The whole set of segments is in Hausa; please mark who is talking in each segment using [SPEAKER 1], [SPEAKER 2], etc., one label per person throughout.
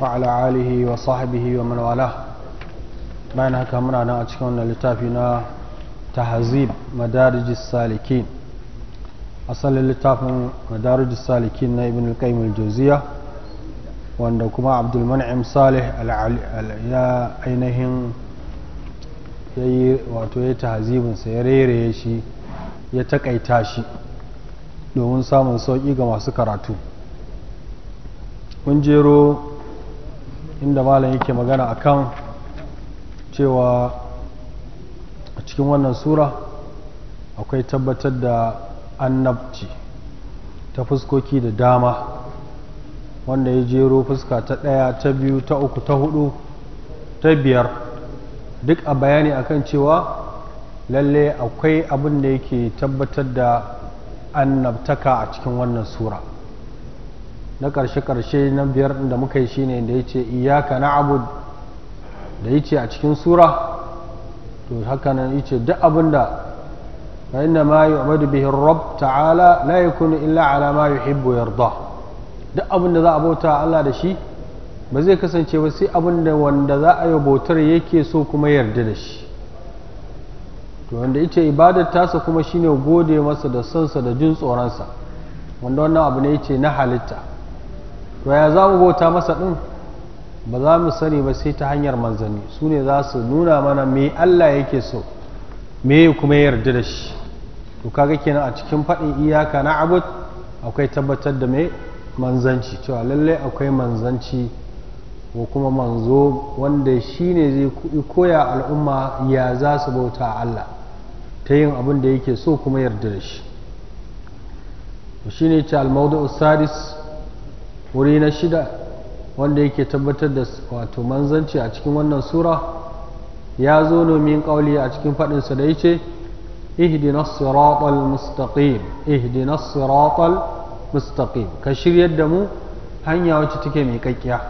[SPEAKER 1] وعلى آله وصحبه ومن والاه bayan haka muna nan a cikin wannan littafi na tahazib madarijis salikin asalin littafin madarijis salikin na ibn al-qayyim al-jawziya wanda kuma abdul man'im salih ya ainihin yayi wato ya tahazibin sa ya rereye shi ya takaita shi domin samun sauki ga masu karatu kun jero inda malam yake magana akan cewa a cikin wannan sura akwai tabbatar da annabci ta fuskoki da dama wanda ya jero fuska ta ɗaya ta biyu ta uku ta hudu ta biyar duk a bayani akan cewa lalle akwai abin da yake tabbatar da annabtaka a cikin wannan sura na ƙarshe-ƙarshe na biyar da muka yi shi ne da ya ce iyaka na abu da ya ce a cikin sura to haka nan ya ce duk abin da fa inna ma yu'badu bihi rabb ta'ala la yakunu illa ala ma yuhibbu yarda duk abin da za a bauta Allah da shi ba zai kasance ba sai abin da wanda za a yi bautar yake so kuma yarda da shi to wanda ce ibadar tasa kuma shine gode masa da sansa da jin tsoronsa wanda wannan abu ne ce na halitta to ya za mu bauta masa ɗin ba za mu sani ba sai ta hanyar manzanni su ne za su nuna mana me Allah yake so me kuma yarda da shi to kaga kenan a cikin faɗin iyaka na abud akwai tabbatar da me manzanci cewa lalle akwai manzanci ko kuma manzo wanda shi ne zai koya al'umma ya za su bauta Allah ta yin abin da yake so kuma yarda da shi shi ne ce al-mawdu'us sadis wuri na shida wanda yake tabbatar da wato manzanci a cikin wannan sura ya zo domin ƙauli a cikin faɗinsa da ya ce ihdina siratal mustaqim siratal mustaqim ka shiryar da mu hanya wacce take mai kakkiya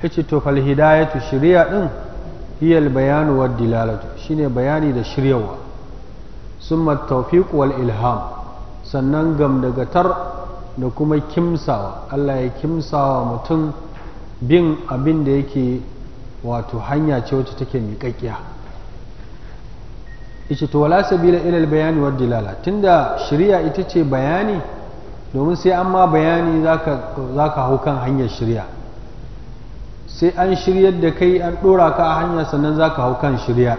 [SPEAKER 1] yace to fal hidayatu shiriya din hiya bayanu wad dilalatu shine bayani da shiryawa summa tawfiq wal ilham sannan gam daga tar da kuma kimsawa Allah ya kimsawa mutum bin abin da yake wato hanya ce wacce take miƙaƙƙiya. ice to wala sabila ilal bayani wa dilala tunda shari'a ita ce bayani domin sai an ma bayani zaka ka hau kan hanyar shirya sai an shiryar da kai an ɗora ka a hanya sannan zaka ka hau kan shirya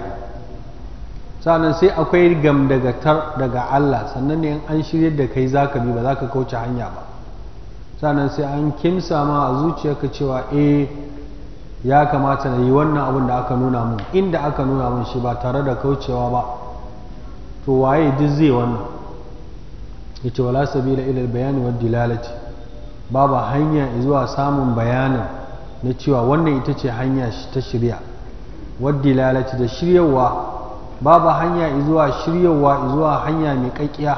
[SPEAKER 1] sannan sai akwai gamdagatar daga Allah sannan ne in an shirya da kai za ka bi ba za ka kauce hanya ba sannan sai an kimsa ma a ka cewa eh ya kamata na yi wannan abin da aka nuna mun inda aka nuna mun shi ba tare da kaucewa ba to waye duk zai wannan yace wala sabila ila bayani wa dilalati babu hanya zuwa samun bayanin na cewa wannan ita ce hanya ta shirya wa dilalati da shiryawa babu hanya zuwa shiryawa zuwa hanya mai kakkiya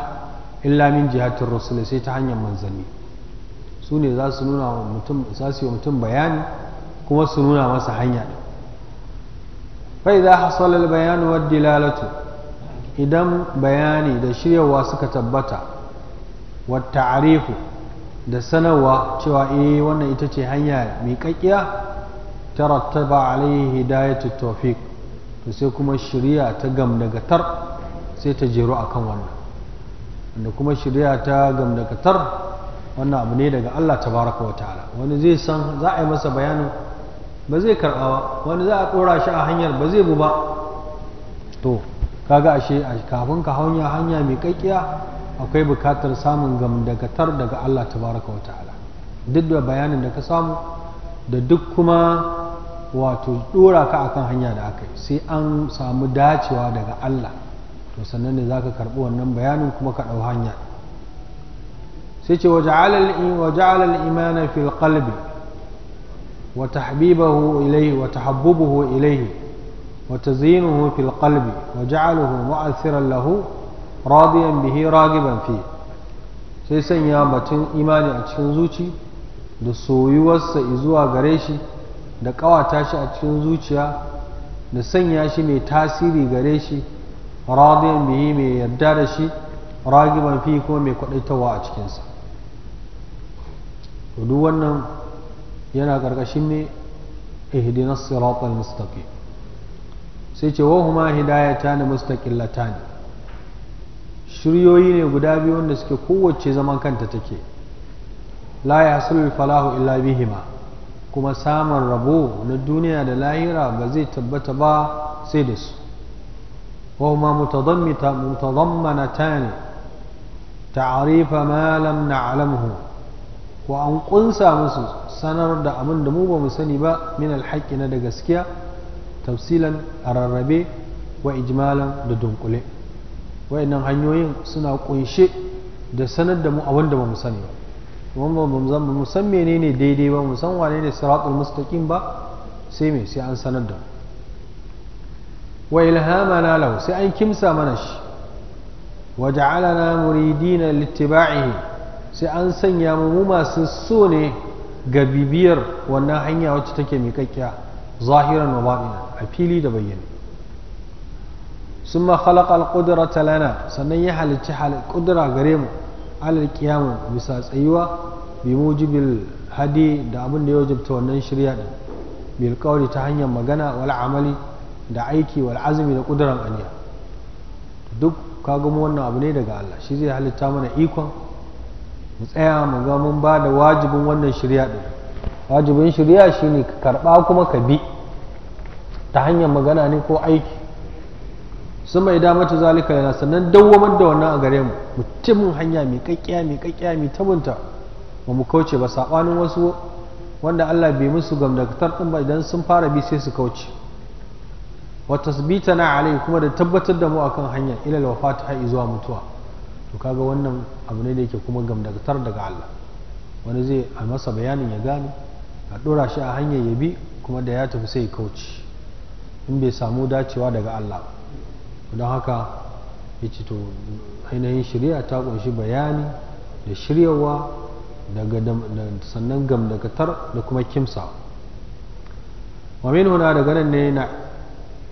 [SPEAKER 1] illa min jihatin rasul sai ta hanyar manzanni su ne za su nuna mutum za su yi mutum bayani kuma su nuna masa hanya fai za hasala bayanu wa dilalatu idan bayani da shiryawa suka tabbata wa ta'arifu da sanarwa cewa eh wannan ita ce hanya mai kakkiya tarattaba alaihi hidayatu tawfiq to sai kuma shirya ta gamdagatar sai ta jero a kan wannan wanda kuma shirya ta gamdagatar wannan abu ne daga Allah ta baraka wa ta'ala wani zai san za a yi masa bayanin ba zai karɓa ba wani za a ɗora shi a hanyar ba zai bu ba to kaga ashe kafin ka hanya hanya mai kakkiya akwai bukatar samun gamdagatar daga Allah ta baraka wa ta'ala duk da bayanin da ka samu da duk kuma wato dora ka akan hanya da aka yi sai an samu dacewa daga Allah to sannan ne zaka karbi wannan bayanin kuma ka dau hanya sai ce waja'ala al-imana fil qalbi wa tahbibahu ilayhi wa tahabbubuhu ilayhi wa tazyinuhu fil qalbi wa ja'aluhu mu'athiran lahu radiyan bihi ragiban fi sai sanya batun imani a cikin zuci da soyuwarsa zuwa gare shi da ƙawata shi a cikin zuciya da sanya shi mai tasiri gare shi radiyan bihi mai yarda da shi ragiban fi ko mai kwadaitawa a cikinsa duk wannan yana ƙarƙashin ne ihdinas siratal mustaqim sai ce wa huma hidayata na mustaqillata ne shiryoyi ne guda biyu wanda suke kowace zaman kanta take la yahsulul falahu illa bihima kuma samun rabo na duniya da lahira ba zai tabbata ba sai da su وهما متضمنتان تعريف ما لم نعلمه وأن قنسا مسو سنرد أمن دموبة مسنبا من الحق ندى قسكيا تفصيلا الربي وإجمالا ددنقلي وإن هنيوين سنة قنشي da sanar da mu abin da ba mu sani ba kuma ba mu san menene daidai ba mu san wane ne siratul mustaqim ba sai me sai an sanar da wa ilhamana lahu sai an kimsa mana shi wa ja'alana muridina littiba'ihi sai an sanya mu mu masu so ne ga bibiyar wannan hanya wacce take miƙaƙƙiya zahiran wa baɗina a fili da bayyana sun ma khalaqa al-qudrata lana sannan ya halicci kudura gare mu alal kiyama bisa tsayuwa bi mujibil hadi da abin da ya wajibta wannan shirya din bil kauri ta hanyar magana wal amali da aiki wal azmi da kuduran aniya duk ka mu wannan abu ne daga Allah shi zai halitta mana ikon mu tsaya mu ga mun ba da wajibin wannan shirya din wajibin shirya shine ka karba kuma ka bi ta hanyar magana ne ko aiki sun mai ta zalika yana sannan dawwamar da wannan a gare mu mutumin hanya mai kakkiya mai kakkiya mai tabunta ba mu kauce ba sabanin wasu wanda Allah bai musu gamdakatar din ba idan sun fara bi sai su kauce wa tasbitana alai kuma da tabbatar da mu akan hanya ila wafat har zuwa mutuwa to kaga wannan abu ne da yake kuma gamdakatar daga Allah wani zai a masa bayanin ya gane a dora shi a hanyar ya bi kuma da ya tafi sai ya kauce in bai samu dacewa daga Allah ba don haka ya ce to ainihin shirya ta kunshi bayani da shiryawa daga sannan gamdakatar da kuma kimsa wa min huna daga nan ne na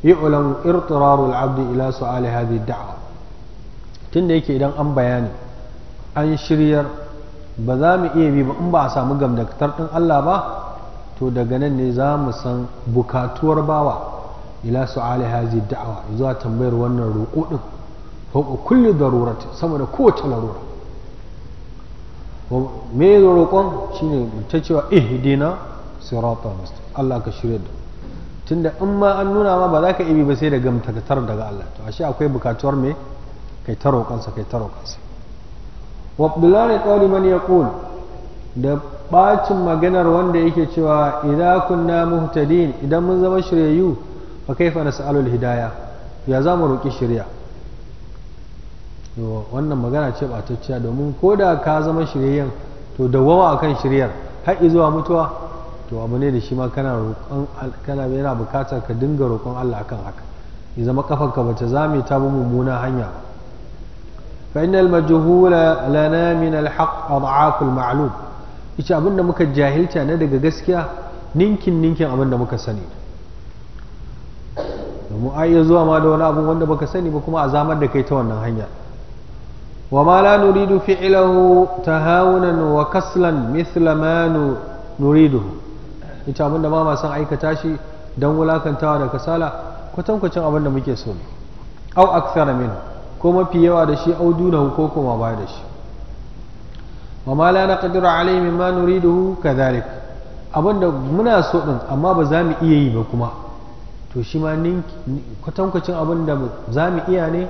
[SPEAKER 1] yi'ulan irtirarul abdi ila su'ali da'a tun tunda yake idan an bayani an shiryar ba za mu iya bi ba in ba a samu gamdakatar ɗin Allah ba to daga nan ne za mu san bukatuwar bawa ila su'ali hazi da'awa zuwa tambayar wannan roƙo din roƙo kulli darurati saboda kowace larura me roƙon shine ta cewa ihdina siratal mustaqim Allah ka shirya da tunda in ma an nuna ma ba za ka ibi ba sai da gamtakatar daga Allah to ashe akwai bukatuwar me kai ta roƙonsa kai ta roƙonsa wa bilani qawli man yaqul da bacin maganar wanda yake cewa idza kunna muhtadin idan mun zama shiryayyu fa kaifa nas'alul hidaya ya za mu roƙi shari'a wannan magana ce batacciya domin ko da ka zama shiryayyen to dawama akan shiryar har zuwa mutuwa to abu ne da shi ma kana roƙon kana yana buƙatar ka dinga roƙon Allah akan haka ya zama kafanka bata zame ta bi mummuna hanya ba fa innal majhula lana min al haqq ad'af al abinda muka jahilta na daga gaskiya ninkin ninkin abinda muka sani domin a iya zuwa ma da wani abu wanda baka sani ba kuma a zamar da kai ta wannan hanya wa ma la nuridu fi'lahu tahawunan wa kaslan mithla ma nuridu ita abinda ma ma san aikata shi dan wulakantawa da kasala kwatankwacin abin da muke so ne au akthara min ko mafi yawa da shi au duna ko kuma ba da shi wa ma la naqdiru alayhi mimma nuriduhu kadhalik abinda muna so din amma ba za mu iya yi ba kuma to shi ma kwatankwacin abin da za mu iya ne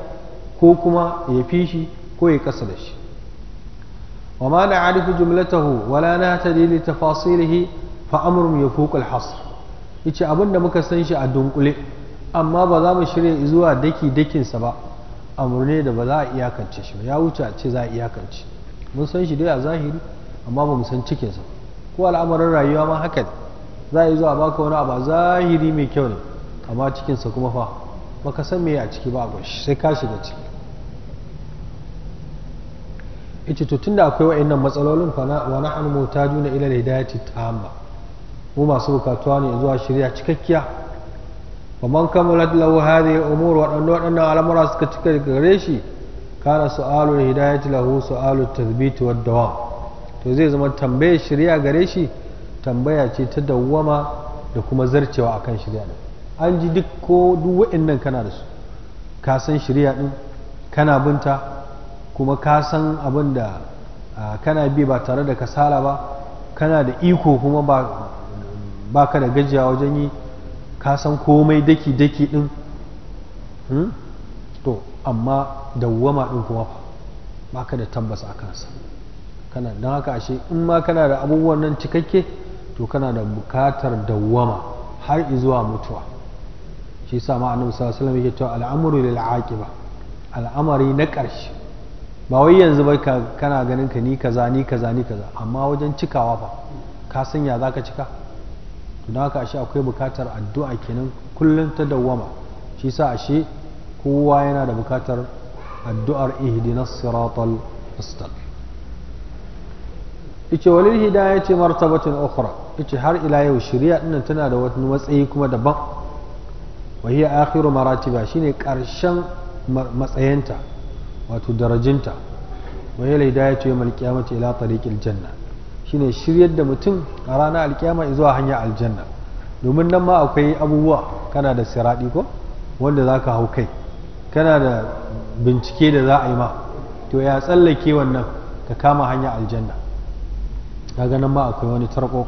[SPEAKER 1] ko kuma ya fi shi ko ya kasa da shi wa ma na arifu jumlatahu wala na ta dili fasirihi fa amrun ya fuqul hasr yace abin da muka san shi a dunkule amma ba za mu shirya zuwa daki dakinsa ba ne da ba za a iyakance shi ya wuce a ce za a iyakance mun san shi dai a zahiri amma ba mu san cikinsa ko al'amarin rayuwa ma haka za a yi zuwa baka wani abu a zahiri mai kyau ne amma cikinsa kuma fa baka san me a ciki ba a sai ka shiga ciki ita to tunda akwai wa'annan matsalolin fa na wa nahnu juna ila hidayati tamma mu masu bukatuwa ne zuwa shirya cikakkiya fa man kamalat lahu hadhihi umur wa dan wadannan al'amura suka cika gare shi kana su'alu hidayati lahu sualu tathbit wadda dawam to zai zama tambaya shirya gare shi tambaya ce ta dawwama da kuma zarcewa a akan shirya an ji duk ko duk waɗannan kana da su ka san shirya ɗin kana binta kuma ka san abin da kana bi ba tare da kasala ba kana da iko kuma ba ka da gajiya wajen yi ka san komai daki-daki ɗin hmm? to amma dawwama ɗin kuma ba ka da tabbas a kansa kana don haka ashe in ma kana da abubuwan nan cikakke to kana da bukatar dawwama har izuwa mutuwa shi sa ma annabi sallallahu alaihi wasallam yake cewa al'amru lil aqiba al'amari na karshe ba wai yanzu bai kana ganin ka ni kaza ni kaza ni kaza amma wajen cikawa fa ka san ya zaka cika to haka ashe akwai bukatar addu'a kenan kullum ta dawwama shi sa ashe kowa yana da bukatar addu'ar ihdinas siratal mustaqim ice walil hidaya ce martabatin ukhra ice har ila yau shari'a dinnan tana da wani matsayi kuma daban wa a akhiru maratiba shine karshen matsayinta wato darajinta wa hiya lidayatu ce alqiyamati ila tariqil janna shine shiryar da mutum a ranar alkiyama zuwa hanyar aljanna domin nan ma akwai abubuwa kana da siradi ko wanda zaka hau kai kana da bincike da za a yi ma to ya tsallake wannan ka kama hanyar aljanna kaga nan ma akwai wani tarko wa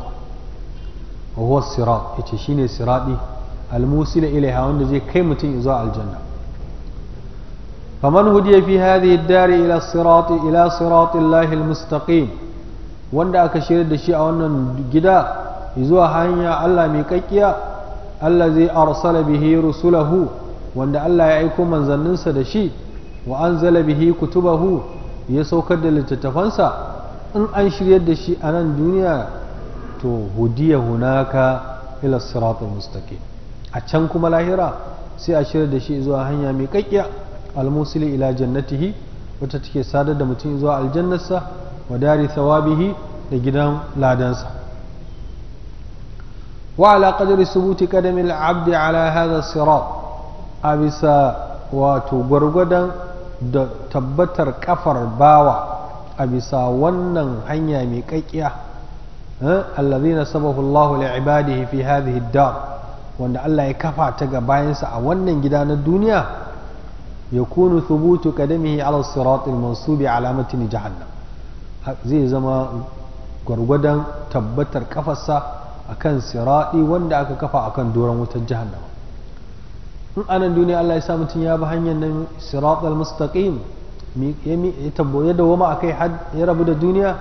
[SPEAKER 1] huwa sirat yace shine siradi almusila ilaiha wanda zai kai mutum zuwa aljanna faman hudiya fi hadhihi ad-dar ila sirati ila sirati wanda aka shirya da shi a wannan gida zuwa hanya Allah mai kakkiya Allah zai arsala bihi rusulahu wanda Allah ya aiko manzanninsa da shi wa anzala bihi kutubahu ya saukar da littattafansa in an shiryar da shi a nan duniya to hudiya hunaka ila siratul mustaqim a can kuma lahira sai a shirya da shi zuwa hanya mai kakkiya almusili ila jannatihi wata take sadar da mutum zuwa aljannarsa wa dari thawabihi da gidan ladansa wa ala qadri subuti qadami al-abd ala hadha sirat wato gwargwadon da tabbatar kafar bawa a bisa wannan hanya mai kakkiya eh, allazina sabahu Allahu li ibadihi fi hadhihi ad-dar wanda Allah ya kafa ta ga bayansa a wannan gida na duniya ya kuna thubutu kadamihi ala siratil mansubi alamatin jahannam zai zama gwargwadon tabbatar kafarsa akan sirati wanda aka kafa akan doron wutar jahannama in anan duniya Allah ya sa mutum ya bi hanyar nan siratal mustaqim ya tabboye da wama akai ya rabu da duniya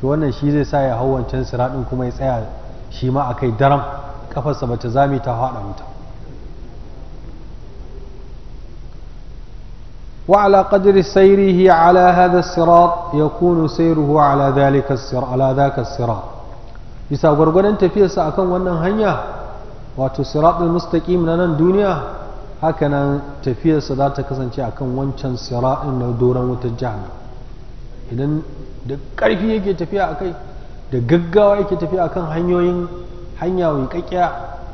[SPEAKER 1] to wannan shi zai sa ya hau wancan siratin kuma ya tsaya shi ma akai daram kafarsa bata zame ta haɗa wuta وعلى قدر سيره على هذا الصراط يكون سيره على ذلك الصراط على ذاك الصراط bisa gwargwadon tafiyarsa akan wannan hanya wato siratul mustaqim na nan duniya hakanan tafiyarsa za ta kasance akan wancan siratin na doron wutar jahannam idan da ƙarfi yake tafiya akai da gaggawa yake tafiya akan hanyoyin hanya wiƙaƙƙiya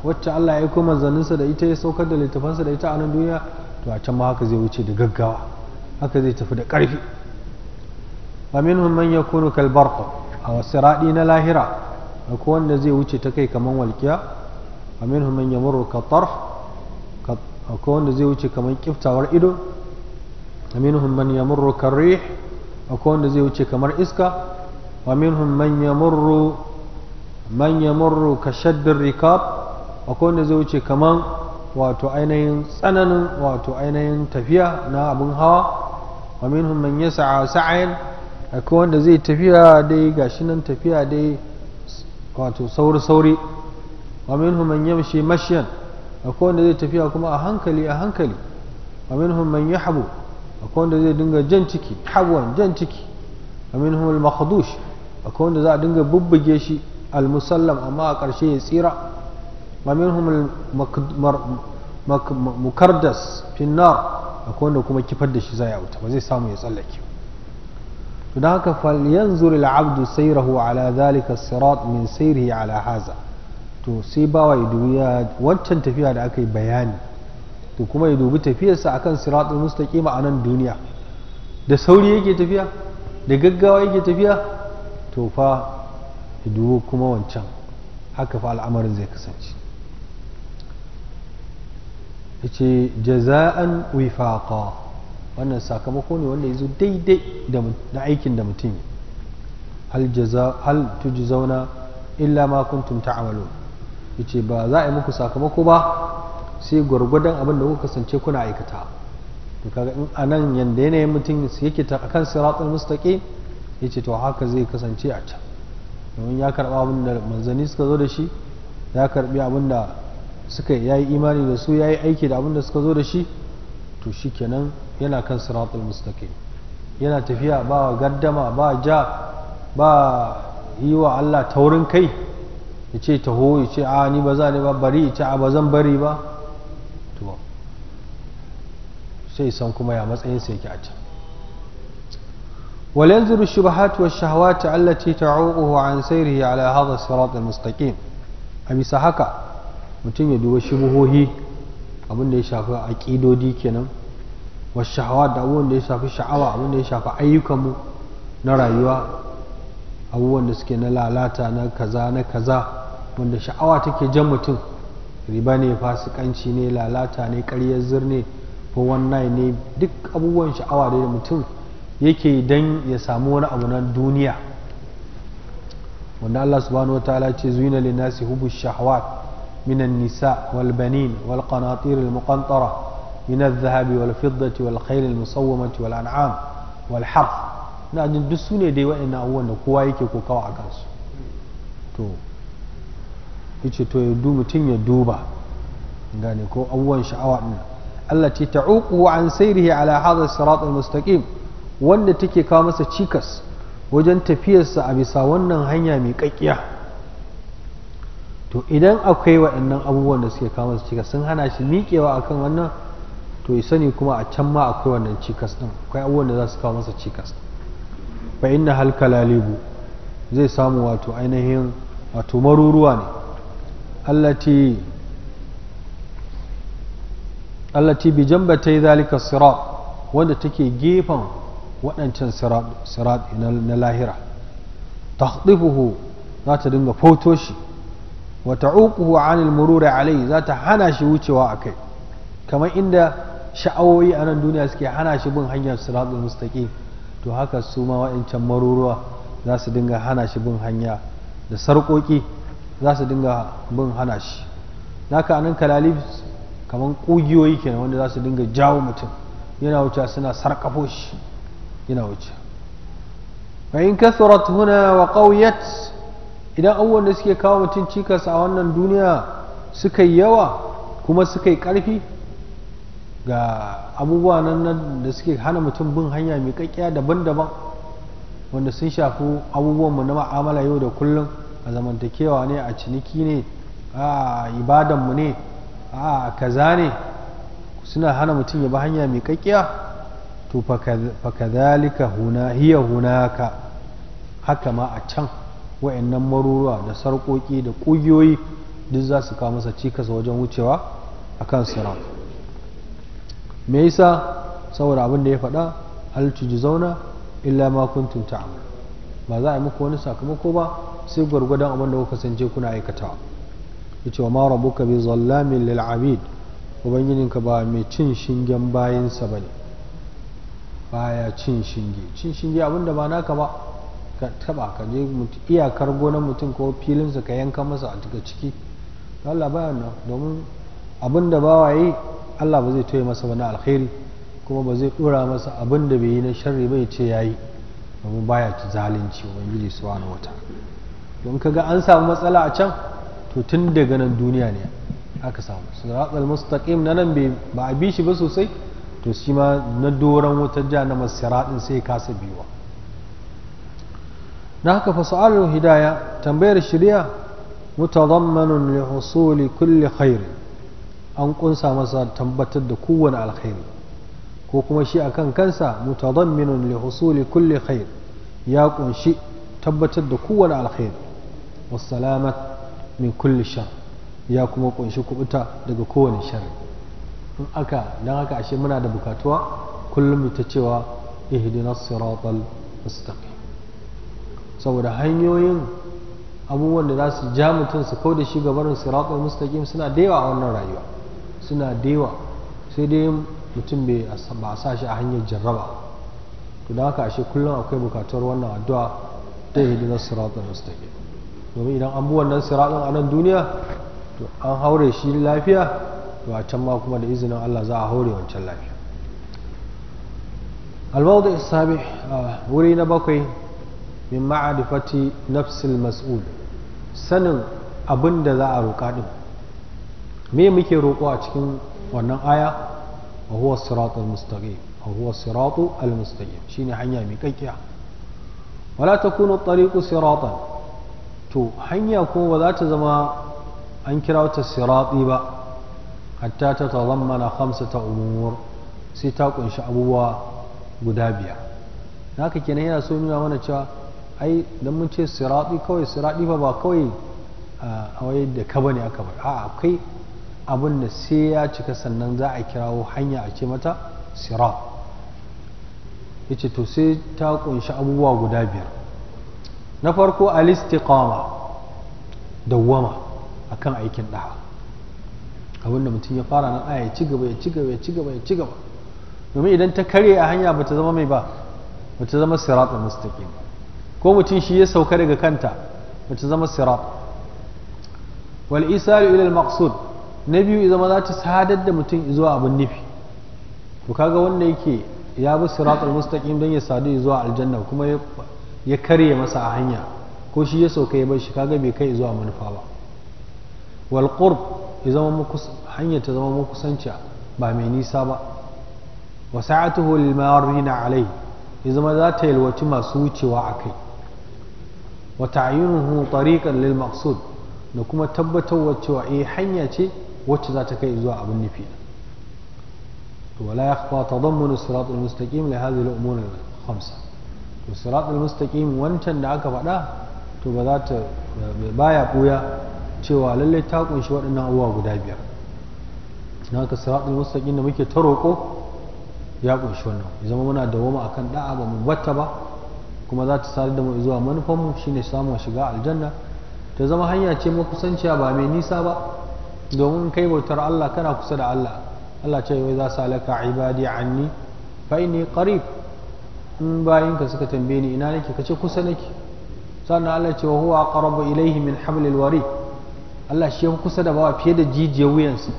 [SPEAKER 1] wacce Allah ya kuma manzanninsa da ita ya saukar da littafansa da ita a nan duniya to a can ma haka zai wuce da gaggawa haka zai tafi da ƙarfi wa minhum man yakunu kal barq aw siradi na lahira akwai wanda zai wuce ta kai kaman walkiya wa minhum man yamurru ka tarf akwai wanda zai wuce kaman kiftawar ido wa minhum man yamurru kar rih akwai wanda zai wuce kamar iska wa minhum man yamurru man yamurru ka shaddin rikab akwai wanda zai wuce kaman wato ainihin tsananin wato ainihin tafiya na abin hawa wa minhum man yas'a sa'ayan akwai wanda zai tafiya dai gashi nan tafiya dai wato sauri sauri wa minhum man yamshi mashyan akwai wanda zai tafiya kuma a hankali a hankali wa minhum man yahbu akwai wanda zai dinga jan ciki habwan jan ciki wa minhum al akwai wanda za a dinga bubbuge shi al-musallam amma a ƙarshe ya tsira wa minhum mukardas finnar akwai wanda kuma kifar da shi zai wuta ba zai samu ya tsallake to don haka falyanzur al-abdu sayrahu ala zalika sirat min sayrihi ala haza to sai bawa ya dubi wancan tafiya da aka yi bayani to kuma ya dubi tafiyarsa akan siratul mustaqima a nan duniya da sauri yake tafiya da gaggawa yake tafiya to fa ya dubo kuma wancan haka fa al'amarin zai kasance ya ce jaza'an wifaqa wannan sakamako ne wanda ya zo daidai da aikin da mutum hal zauna illa ma kuntum ta'malun ya ce ba za a yi muku sakamako ba sai gwargwadon abin da kuka kasance kuna aikata to kaga in anan yanda yanayin mutum yake ta kan siratul mustaqim yace to haka zai kasance a can domin ya karɓa abin da manzanni suka zo da shi ya karɓi abin da suka ya yi imani da su ya yi aiki da abin da suka zo da shi to shi kenan yana kan siratul mustaqim yana tafiya ba gaddama ba ja ba yi wa Allah taurin kai ya ce taho ya ce a ni ba za ne ba bari ya ce a ba zan bari ba to sai san kuma ya matsayinsa yake a can ولينزل الشبهات والشهوات التي تعوقه عن سيره على هذا الصراط المستقيم أبي haka mutum ya duba shubuhohi abin da ya shafi aƙidodi kenan washahawa da abubuwan da ya shafi sha'awa abin da ya shafi ayyukanmu na rayuwa abubuwan da suke na lalata na kaza na kaza wanda sha'awa take jan mutum riba ne fasikanci ne lalata ne ƙaryar zirne ko ne duk abubuwan sha'awa da mutum yake don ya samu wani abu na duniya wanda Allah subhanahu wataala ce zuina linnasi hubu shahawat minan nisa wal banin wal qanatir al muqantara min al dhahabi wal fiddati wal khayl al musawwamati wal an'am wal harth na duk sune dai waɗannan abubuwan da kowa yake kokawa a kansu to yace to ya duba mutum ya duba gane ko abubuwan sha'awa din Allah ce ta'uqu an sayrihi ala hadha sirat al mustaqim wanda take kawo masa cikas wajen tafiyarsa a bisa wannan hanya mai kakkiya to idan akwai waɗannan abubuwan da suke kawo masa cikas sun hana shi miƙewa akan wannan to sani kuma a can ma akwai wannan cikas ɗin akwai abubuwan da za su kawo masa cikas fa inna halka lalibu zai samu wato ainihin wato maruruwa ne allati allati bi jambatai zalika sirat wanda take gefen waɗancan sirat na lahira tahdifuhu za ta dinga foto shi wata ta'uquhu 'anil mururi alai za ta hana shi wucewa akai kamar inda sha'awoyi a nan duniya suke hana shi bin hanyar siratul mustaqim to haka su ma waɗancan maruruwa za su dinga hana shi bin hanya da sarƙoƙi za su dinga bin hana shi ka anan kalalif kamar ƙugiyoyi kenan wanda za su dinga jawo mutum yana wuce suna sarƙafo shi yana wuce in kasurat huna wa ƙauyat idan abubuwan da suke kawo mutum cikas a wannan duniya suka yawa kuma suka yi ƙarfi ga abubuwa nan da suke hana mutum bin hanya mai kakkiya daban-daban wanda sun shafi abubuwanmu na ma'amala yau da kullum a zamantakewa ne a ciniki ne a ibadanmu ne a kaza ne suna hana mutum ya bi hanya mai kakkiya to fakadhalika huna hiya hunaka haka ma a can wa'annan maruruwa da sarƙoƙi da ƙugiyoyi duk za su kawo masa cikas wajen wucewa a kan sirat me yasa saboda abin da ya faɗa hal zauna illa ma kuntum ba za a yi muku wani sakamako ba sai gwargwadon abin da kuka sanje kuna aikata. yace wa ma rabbuka bi zallamin lil abid ubangijinka ba mai cin shingen bayansa bane baya cin shinge cin shinge abin da ba naka ba ka taba ka je iyakar gonar mutum ko filinsa ka yanka masa a daga ciki Allah baya nan domin abin da bawa yi Allah ba zai toye masa wani alkhairi kuma ba zai dora masa abin da bai yi na sharri bai ce yayi domin baya zalunci ubangiji subhanahu wata don kaga an samu matsala a can to tun daga nan duniya ne aka samu siratal mustaqim na nan ba a bi shi ba sosai to shi ma na doron wutar jahannama siraɗin sai kasa biyuwa na haka fasa'alul hidaya tambayar shirya mutadammanun li husuli kulli khairi an kunsa masa tabbatar da kowane alkhairi ko kuma shi akan kansa mutadamminun li husuli kulli khair ya kunshi tabbatar da kowane alkhairi wassalamat min kulli shar ya kuma kunshi kubuta daga kowane sharri in aka don haka ashe muna da bukatuwa kullum ta cewa ihdina siratal mustaqim saboda hanyoyin abubuwan da za su ja mutum su kau da shi gabarin siratal mustaqim suna da yawa a wannan rayuwa suna da yawa sai dai mutum ba a sa shi a hanyar jarraba to don haka ashe kullum akwai bukatuwar wannan addu'a ta ihdina siratal mustaqim domin idan an nan wannan siratal a nan duniya to an haure shi lafiya to a can ma kuma da izinin Allah za a haure wancan lafiya almawdu isabi wuri na bakwai min ma'arifati nafsil mas'ul sanin abin da za a roƙa din me muke roƙo a cikin wannan aya wa huwa siratul mustaqim wa huwa siratul mustaqim shine hanya mai kakkiya wala takunu at-tariqu siratan to hanya kuma ba za ta zama an kira ta sirati ba Hattata ta tazammana hamsa ta sai ta kunshi abubuwa guda biyar haka kenan yana so nuna mana cewa ai dan mun ce sirati kawai sirati ba ba kawai a waye da ka bane aka bar a'a kai abin da sai ya cika sannan za a kirawo hanya a ce mata sirat yace to sai ta kunshi abubuwa guda biyar na farko al-istiqama dawwama akan aikin da'a abinda mutum ya fara nan aya ya ci gaba ya ci gaba ya ci gaba ya ci gaba domin idan ta kare a hanya bata zama mai ba Bata zama sirat siratul mustaqim ko mutum shi ya sauka daga kanta Bata zama sirat wal isalu ila al maqsud na biyu ya zama za ta sadar da mutum zuwa abin nufi to kaga wanda yake ya bi al mustaqim don ya sadu zuwa aljanna kuma ya karye masa a hanya ko shi ya sauka ya bar shi kaga bai kai zuwa manufa ba wal qurb ya hanya ta zama muku ba mai nisa ba wa sa'atuhu lil alai ya zama za ta yalwaci masu wucewa a kai wata ta'yinuhu tariqan lil maqsud da kuma tabbatar cewa eh hanya ce wacce za ta kai zuwa abin nufi ولا يخفى تضمن الصراط المستقيم لهذه الأمور الخمسة الصراط المستقيم وانتن دعك فدا تو بذات بايا بويا cewa lallai ta kunshi waɗannan abubuwa guda biyar na ka siratul mustaqim da muke ta roƙo ya kunshi wannan zama muna dawoma akan da'a ba mu batta ba kuma za ta sadar da mu zuwa manufan mu shine samun shiga aljanna ta zama hanya ce makusanciya ba mai nisa ba domin kai bautar Allah kana kusa da Allah Allah ce wai za salaka ibadi anni fa inni qarib in bayinka suka tambaye ni ina nake kace kusa nake sannan Allah ce wa huwa aqrabu ilayhi min hablil warid Allah shi ya kusa da bawa fiye da jijiyar wuyansa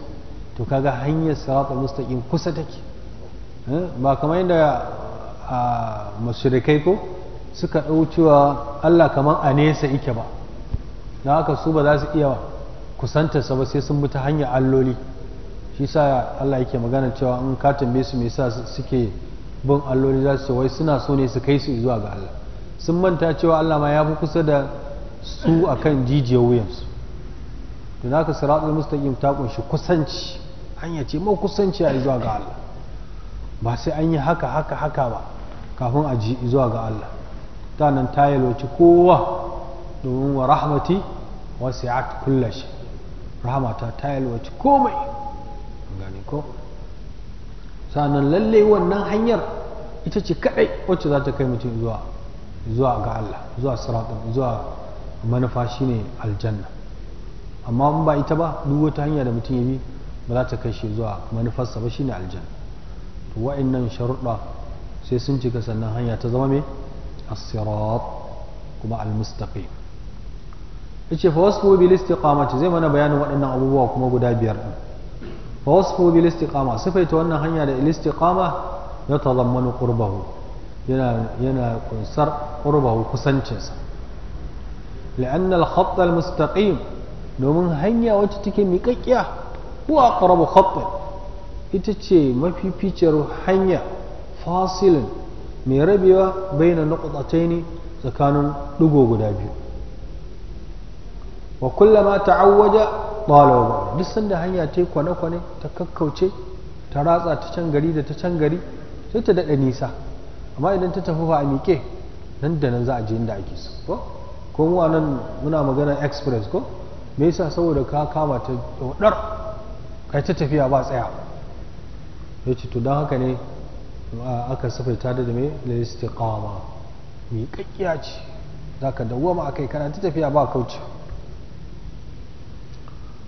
[SPEAKER 1] to kaga hanyar siratal mustaqim kusa take eh, ba kamar yadda a mashirikai ko suka ɗau cewa Allah kamar a nesa ike ba na haka su ba za su iya kusantarsa ba sai sun bi ta hanyar alloli shi sa Allah yake magana cewa in ka tambaye su me suke bin alloli za su wai suna so ne su kai su zuwa ga Allah sun manta cewa Allah ma ya fi kusa da su akan jijiyar wuyansu to naka siratul mustaqim ta kunshi kusanci hanya ce mai kusanci a zuwa ga Allah ba sai an yi haka haka haka ba kafin a ji zuwa ga Allah ta nan ta yalwaci kowa domin wa rahmati wasi'at kullashi rahmata ta yalwaci komai gane ko sanan lalle wannan hanyar ita ce kadai wacce za ta kai mutum zuwa zuwa ga Allah zuwa siratun zuwa manufa shine aljanna amma in ba ita ba duk wata hanya da mutum ya bi ba za ta kai shi zuwa manufarsa ba shine aljanna to wa'annan sharuɗa sai sun cika sannan hanya ta zama mai as-sirat kuma al-mustaqim yace fa wasfu bil istiqamati zai mana bayanin waɗannan abubuwa kuma guda biyar din fa wasfu bil istiqama sifaita wannan hanya da il istiqama ya tazammanu qurbahu yana yana kunsar qurbahu kusancinsa لأن الخط المستقيم domin hanya wacce take miƙaƙƙiya ko ƙarabu khattin ita ce mafi mafificiyar hanya fasilin mai rabewa bai na baina ne tsakanin ɗigo guda biyu wa kullama ta'awwaja ba duk sanda hanya ta yi kwane-kwane ta kakkauce ta ratsa ta can gari da ta can gari sai ta daɗa nisa amma idan ta tafi ba a miƙe nan da nan za a je inda ake so ko kuma nan muna magana express ko me yasa saboda ka kama ta daudar kai ta tafiya ba tsaya ya ce to don haka ne aka sifaita da me la istiqama mi kakkiya ce zaka dawwama akai kana ta tafiya ba kauce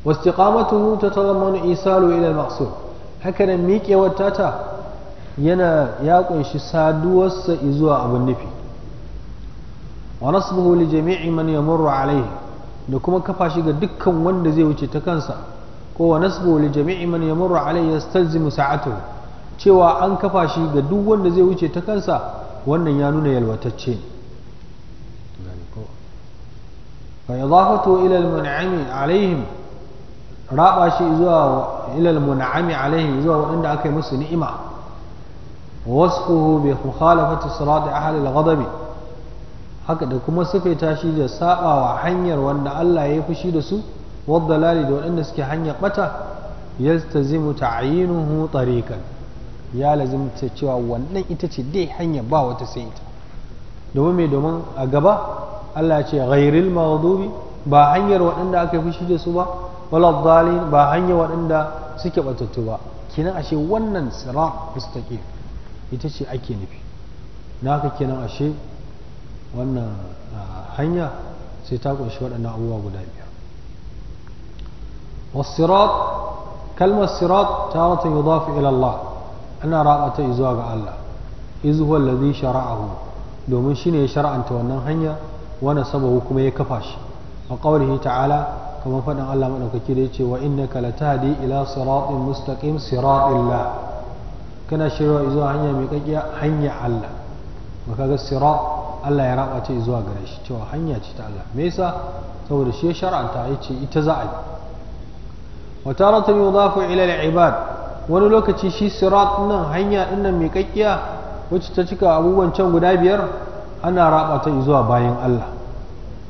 [SPEAKER 1] واستقامته تتضمن إيصاله إلى المقصود هكذا ميك يوتاتا ينا يكون شسادوس إزوا أبو النفي ونصبه لجميع من يمر عليه da kuma kafa shi ga dukkan wanda zai wuce ta kansa ko wa nasbu li jami'i man yamurru alayhi yastalzimu sa'atuhu cewa an kafa shi ga duk wanda zai wuce ta kansa wannan ya nuna yalwatacce ne فإضافته shi المنعم عليهم رابع شيء زوا إلى المنعم عليهم ni'ima عند أكي مس نعمة ووصفه بمخالفة صراط أهل الغضب haka da kuma sifaita shi da sabawa hanyar wanda Allah ya fushi da su wadda lalai da waɗanda suke hanyar bata yaltazimu hu tariqan ya lazimta cewa wannan ita ce dai hanya ba wata sai ita domin mai domin a gaba Allah ce ghairil maghdubi ba hanyar waɗanda aka fushi da su ba wala ba hanyar waɗanda suke batattu ba kinan ashe wannan sirat mustaqim ita ce ake nufi naka kinan ashe wannan hanya sai ta kunshi waɗannan abubuwa guda biyar wasirat kalmar sirat ta wata yudafu ila Allah ana ta zuwa ga Allah izu huwa allazi shara'ahu domin shine ya shar'anta wannan hanya wani sababu kuma ya kafa shi wa qawlihi ta'ala kamar faɗin Allah madaukaki da yace wa innaka latahdi ila siratin mustaqim siratillah kana shirya zuwa hanya mai kakkiya hanya Allah baka ga sirat Allah ya raba ce zuwa gare shi cewa hanya ce ta Allah me yasa saboda shi ya shar'anta ya ce ita za a yi wa taratan yudafu ila al-ibad wani lokaci shi sirat nan hanya din nan mai kakkiya wacce ta cika abubuwan can guda biyar ana raba ta zuwa bayan Allah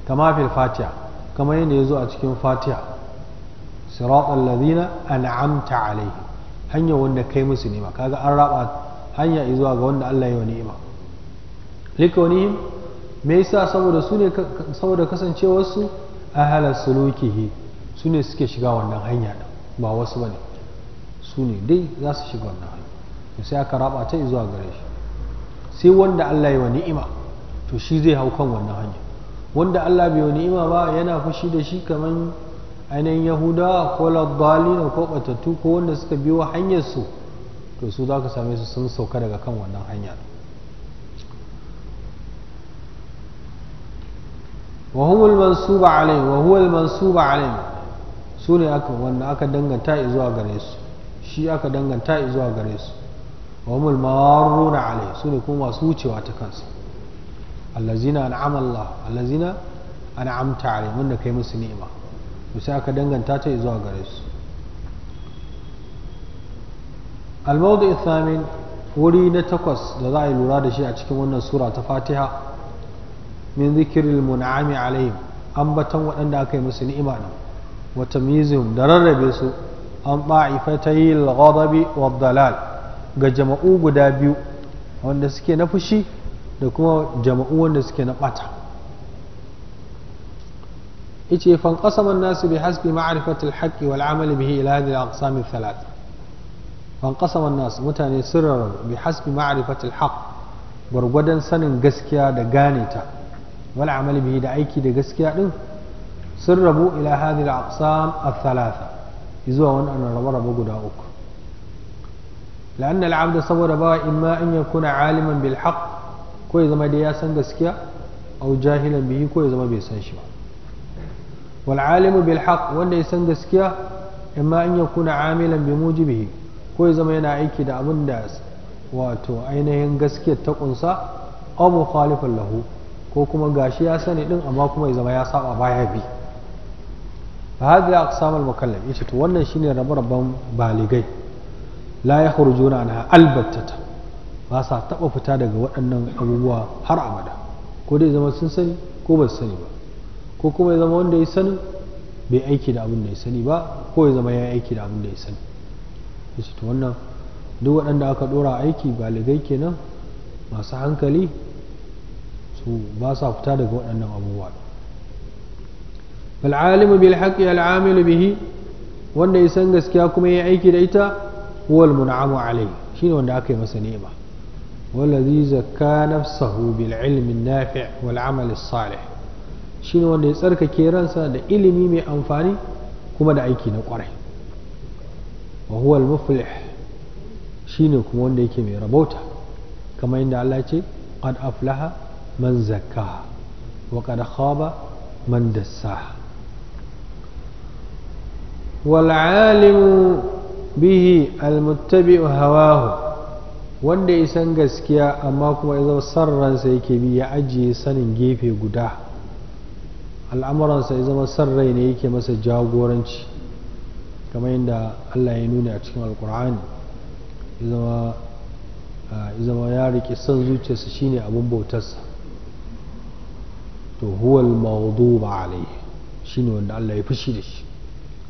[SPEAKER 1] kama fil fatiha kamar yadda ya zo a cikin fatiha sirat alladhina an'amta alaihim hanya wanda kai musu ni'ima kaga an raba hanya zuwa ga wanda Allah ya yi ni'ima likonihim me yasa saboda su ne saboda kasancewarsu halar sulukihi su ne suke shiga wannan hanya ba wasu ba ne su ne dai za su shiga wannan hanya sai aka raba ta zuwa gare shi sai wanda Allah ya wa ni'ima to shi zai hau kan wannan hanya wanda Allah bai wa ni'ima ba yana fushi da shi kamar ainihin yahuda ko labbalina ko batattu ko wanda suka biyo hanyar su to su za ka same su sun sauka daga kan wannan hanya wa huwa al-mansuba alayhi wa huwa al-mansuba alayhi su aka wanda aka danganta zuwa gare su shi aka danganta zuwa gare su wa humul marruna alayhi su ne kuma masu wucewa ta kansu allazina an'ama Allah allazina an'amta alayhi wanda kai musu ni'ima to sai aka danganta ta zuwa gare su al-mawdu' ath-thamin wuri na takwas da za a yi lura da shi a cikin wannan sura ta Fatiha min zikiril mun'ami alaihim batan waɗanda aka yi musu ni'ima din wa da rarrabe su an ta'ifatayil ghadabi wad dalal ga jama'u guda biyu wanda suke na fushi da kuma jama'u wanda suke na bata yace fan qasama an bi hasbi ma'rifati al-haqq wal 'amali bihi ila hadhihi al-aqsam al-thalath fan qasama an mutane sirran bi hasbi ma'rifati al-haqq sanin gaskiya da gane ta wal amali bihi da aiki da gaskiya din sun rabu ila hadhihi al-aqsam ath-thalatha zuwa wannan rabu-rabu guda uku لأن العبد صبر بقى إما أن يكون عالما بالحق كوي زما دي ياسن غسكيا أو جاهلا به كوي زما بي سان والعالم بالحق وان يسن غسكيا إما أن يكون عاملا بموجبه كوي زما ينا أيكي دا أبن داس واتو أينهن غسكيا تقنصا أو مخالفا له ko kuma gashi ya sani din amma kuma ya zama ya saba baya bi fa hada aqsamul mukallaf yace to wannan shine rabe baligai la yakhrujuna anha albattata ba sa taba fita daga waɗannan abubuwa har abada ko dai zama sun sani ko ba su sani ba ko kuma ya zama wanda ya sani bai aiki da abin da ya sani ba ko ya zama ya aiki da abin da ya sani yace to wannan duk waɗanda aka dora aiki baligai kenan masu hankali su ba sa fita daga waɗannan abubuwa al'alimu bil haqqi al'amilu bihi wanda ya san gaskiya kuma ya aiki da ita huwal mun'amu alai shine wanda aka yi masa ni'ima wallazi zakka nafsahu bil ilmi nafi' wal amal salih shine wanda ya tsarkake ransa da ilimi mai amfani kuma da aiki na kwarai wa huwal muflih shine kuma wanda yake mai rabauta kamar inda Allah ya ce qad aflaha man zakka wa qad khaba man dassaha wal alimu bihi almuttabi'u hawahu wanda ya san gaskiya amma kuma ya zama san ransa yake bi ya ajiye sanin gefe guda al'amuransa ya zama san rai ne yake masa jagoranci kamar yadda Allah ya nuna a cikin alkur'ani ya zama ya riƙe son zuciyarsa shine abin bautarsa to huwal mawduba alayhi shine wanda Allah ya fushi da shi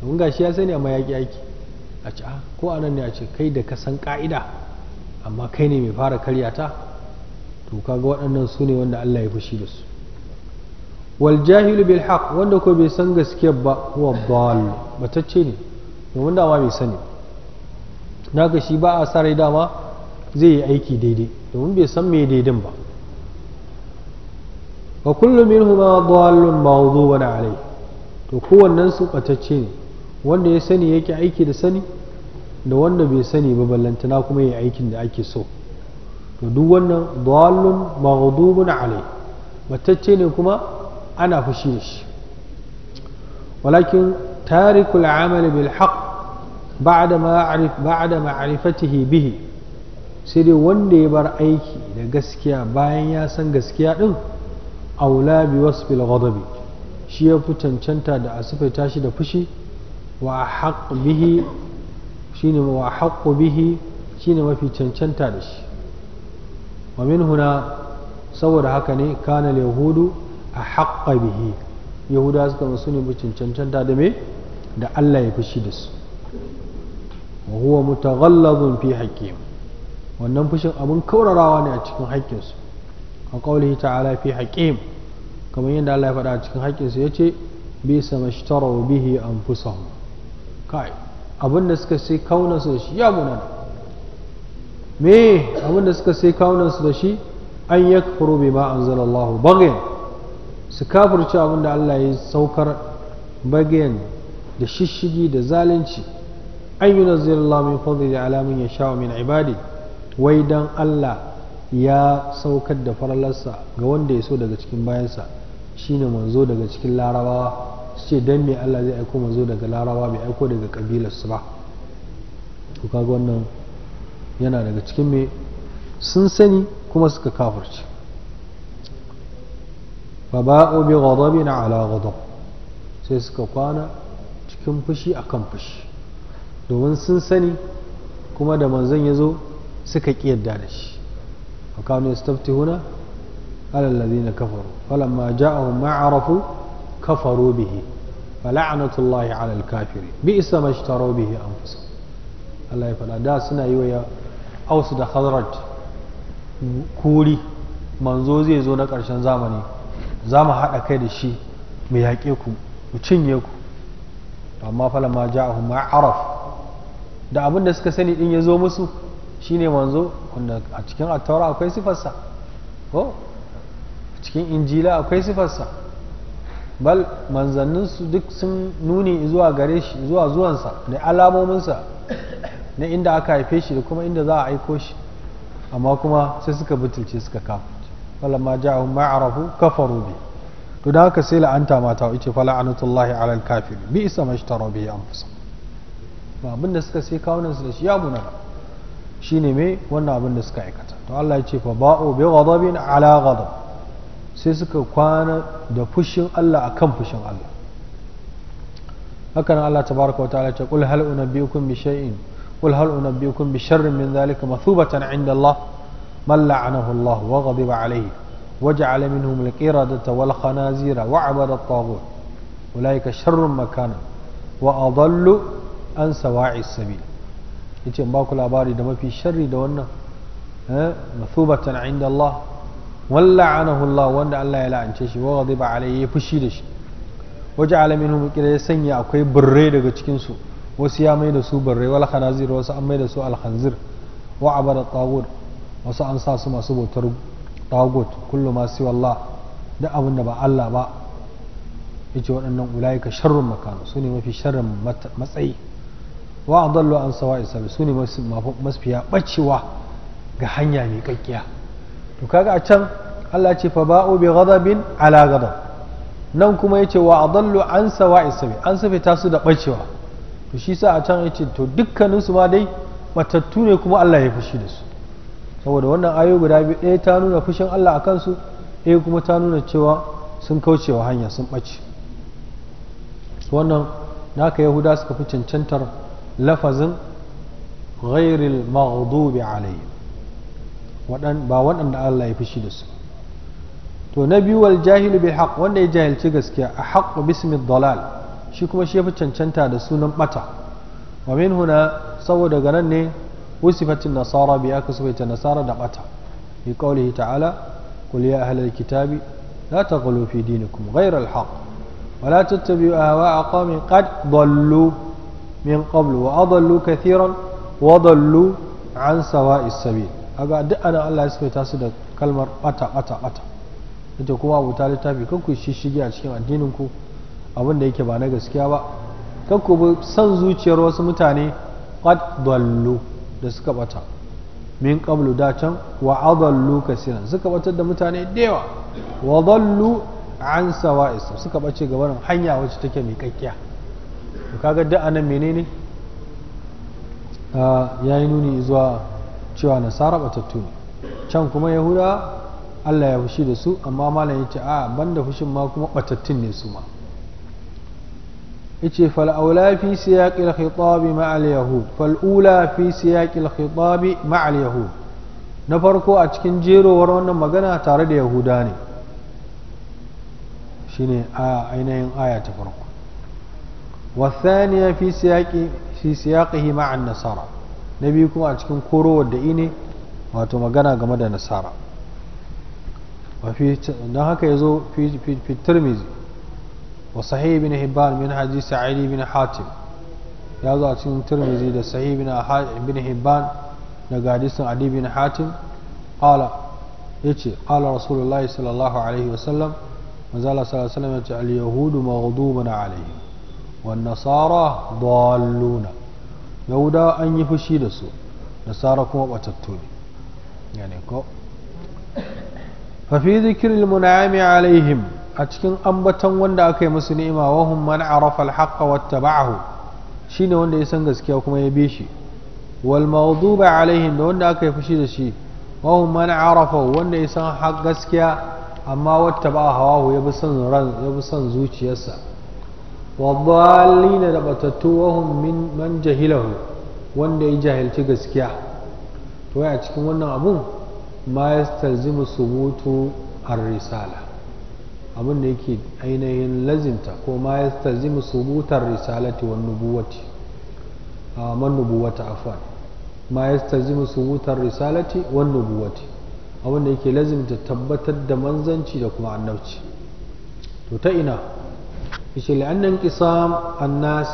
[SPEAKER 1] domin gashi ya sani amma yaki yaki a ce ah, ko anan ne a ce kai da kasan san ka'ida amma kai ne mai fara karya ta to kaga waɗannan su ne wanda Allah ya fushi da su wal jahilu bil haq wanda ko bai san gaskiya ba huwa dal batacce ne domin dama bai sani naga shi ba a sarai dama zai yi aiki daidai domin bai san me daidai ba wa kullu minhuma dallun mawdu'un alayh to kowannen su batacce ne wanda ya sani yake aiki da sani da wanda bai sani ba ballantana kuma yayi aikin da ake so to duk wannan dallun mawdu'un alayh batacce ne kuma ana fushi da shi walakin tarikul amali bil haqq ba'da ma'arif ba'da ma'rifatihi bihi sai dai wanda ya bar aiki da gaskiya bayan ya san gaskiya din aula bi wasfil ghadabi shi ya fi cancanta da a sifaita shi da fushi wa haqq bihi shine wa bihi shine mafi cancanta da shi wa min huna saboda haka ne kana yahudu a haqqa bihi yahuda suka musu ne cancanta da me da Allah ya fushi da su wa huwa mutaghallazun fi haqqihim wannan fushin abun kaurarawa ne a cikin haƙƙinsu a qawlihi ta'ala fi haƙim kamar yadda Allah ya faɗa a cikin haƙƙinsa ya ce bisa bi samashtaraw bihi anfusahum kai abinda suka sai kaunansu da shi ya muna me abinda suka sai kaunansu da shi an yakfuru bima anzalallahu bagyan su kafirce abinda Allah ya saukar bagyan da shishigi da zalunci an yi nazirin lamin fadli da alamun ya sha min ibadi wai dan Allah ya saukar da faralarsa ga wanda ya so daga cikin bayansa shine manzo daga cikin larabawa su ce don me Allah zai aiko manzo daga larabawa bai aiko daga kabilarsu ba to kaga wannan yana daga cikin me sun sani kuma suka kafirci fa ba'u bi ghadabin ala ghadab sai suka kwana cikin fushi a kan fushi domin sun sani kuma da manzon ya zo suka ƙi yadda da shi وكانوا يستفتحون على الذين كفروا فلما جاءهم ما عرفوا كفروا به فلعنة الله على الكافرين بئس ما اشتروا به أنفسهم الله يفعل دا سنة يويا أوس دا خضرج كوري manzo zai zo na ƙarshen zamani za mu haɗa kai da shi mu yaƙe ku mu cinye ku amma falama ja'ahum ma'araf da abin da suka sani din ya zo musu Shi ne manzo a cikin attawar akwai sifarsa ko a cikin injila akwai sifarsa bal manzanninsu duk sun nuni zuwa gare shi zuwa zuwansa da alamominsa na inda aka haife shi da kuma inda za a aiko shi amma kuma sai suka butulce suka kafa wala ma ja'ahum ma'arafu kafaru bi to da haka sai la'anta mata yace fala anatullahi alal kafir bi isa mashtaru bi anfusahum ba abinda suka sai kawunan su da shi ya munana shine me wannan abin da suka aikata to Allah ya ce fa ba'u bi ghadabin ala ghadab sai suka kwana da fushin Allah akan fushin Allah hakan Allah tabaraka wa ta'ala ya ce qul hal unabbiukum bi shay'in qul hal unabbiukum bi sharrin min dhalika mathubatan 'inda Allah man la'anahu Allah wa ghadiba alayhi وجعل منهم القردة والخنازير وعبد الطاغوت أولئك شر مكانا وأضل عن سواء السبيل yace in ba ku labari da mafi sharri da wannan eh, masubatan inda Allah walla'anahu Allah wanda Allah ya la'ance shi wa ghadiba alayhi ya fushi da shi waja'ala minhum kira ya sanya akwai burre daga cikin su wasu ya mai da su burre wal khanazir wasu an mai da su al khanzir wa abara tagut wasu an sa su masu bautar tagut kullu ma siwa Allah da abin da ba Allah ba yace waɗannan ulaika sharrun makana su ne mafi sharrin matsayi wa adallu an sawa isa su ne masfiya ɓacewa ga hanya mai ƙaƙƙiya to kaga a can Allah ce fa ba'u bi ghadabin ala ghadab nan kuma yace wa adallu an sawa isabi an safita su da bacewa to shi sa a can yace to dukkanin su ma dai matattu ne kuma Allah ya fushi da su saboda wannan ayo guda biyu ɗaya ta nuna fushin Allah a kansu ɗaya kuma ta nuna cewa sun kaucewa hanya sun ɓace wannan naka yahuda suka fi cancantar lafazin ghairil maghdubi alayhim wadan ba waɗanda Allah ya fushi da su to na biyu wal bai bil haqq wanda ya jahilci gaskiya a haqqu bismi dalal shi kuma shi yafi cancanta da sunan bata wa min huna saboda ga nan ne wusifatin nasara bi aka sufaita nasara da bata bi qawlihi ta'ala qul ya ahlal kitabi la taghlu fi dinikum ghayra al haqq ولا تتبعوا أهواء قوم قد ضلوا min qablu wa adallu kathiran wa adallu an sawa'i sabil aga duk ana Allah ya sifata su da kalmar bata bata bata ita kuma abu ta littafi kan ku shishige a cikin addinin ku abin da yake ba na gaskiya ba kan ku bi san zuciyar wasu mutane qad dallu da suka bata min qablu da can wa adallu kaseeran suka batar da mutane da yawa wa dallu an sawa'i suka bace gaban hanya wacce take miƙaƙƙiya to kaga nan nan menene ah, ya yi nuni zuwa cewa nasara batattu ne can kuma yahuda allah ya fushi da su amma malam ce a da fushin ma kuma batattun ne su ma Ya ce fal'aula fi siyaqi al ma'al yahud fal'ula fi siyaqi al ma'al yahud na farko a cikin jerowar wannan magana tare da yahuda ne shine a ah, ainihin aya ta farko والثانية في سياق في سياقه مع النصارى نبيكم أتكم كورو والدئيني واتو مغانا غمد النصارى وفي نهك يزو في, في, في الترمذي وصحيح بن هبان من حديث علي بن حاتم يزو أتكم الترمذي ده صحيح بن, بن هبان ده حديث علي بن حاتم قال يتي قال رسول الله صلى الله عليه وسلم مازال صلى الله عليه وسلم اليهود مغضوبا عليهم والنصارى ضالون يهودا أن يفشي دسو نصارى كما باتتون يعني كو ففي ذكر المنعم عليهم أتكن أنبتا وندا أكي مسنئما وهم من عرف الحق واتبعه شين وندا يسنغس كي وكما يبيشي والمغضوب عليهم وندا أكي فشي دشي وهم من عرفه وندا يسنغ حق غسكيا أما واتبع هواه يبسن رن يبسن زوجي يسأل wadallina da batattu wahum min man jahilahu wanda ya jahilci gaskiya to a cikin wannan abun ma yastalzimu subutu ar-risala abin da yake ainihin lazimta ko ma yastalzimu subutar risalati wan nubuwati man nubuwata afwan ma yastalzimu subutar risalati wan nubuwati abin da yake lazimta tabbatar da manzanci da kuma annabci to ta ina yace la'annan qisam annas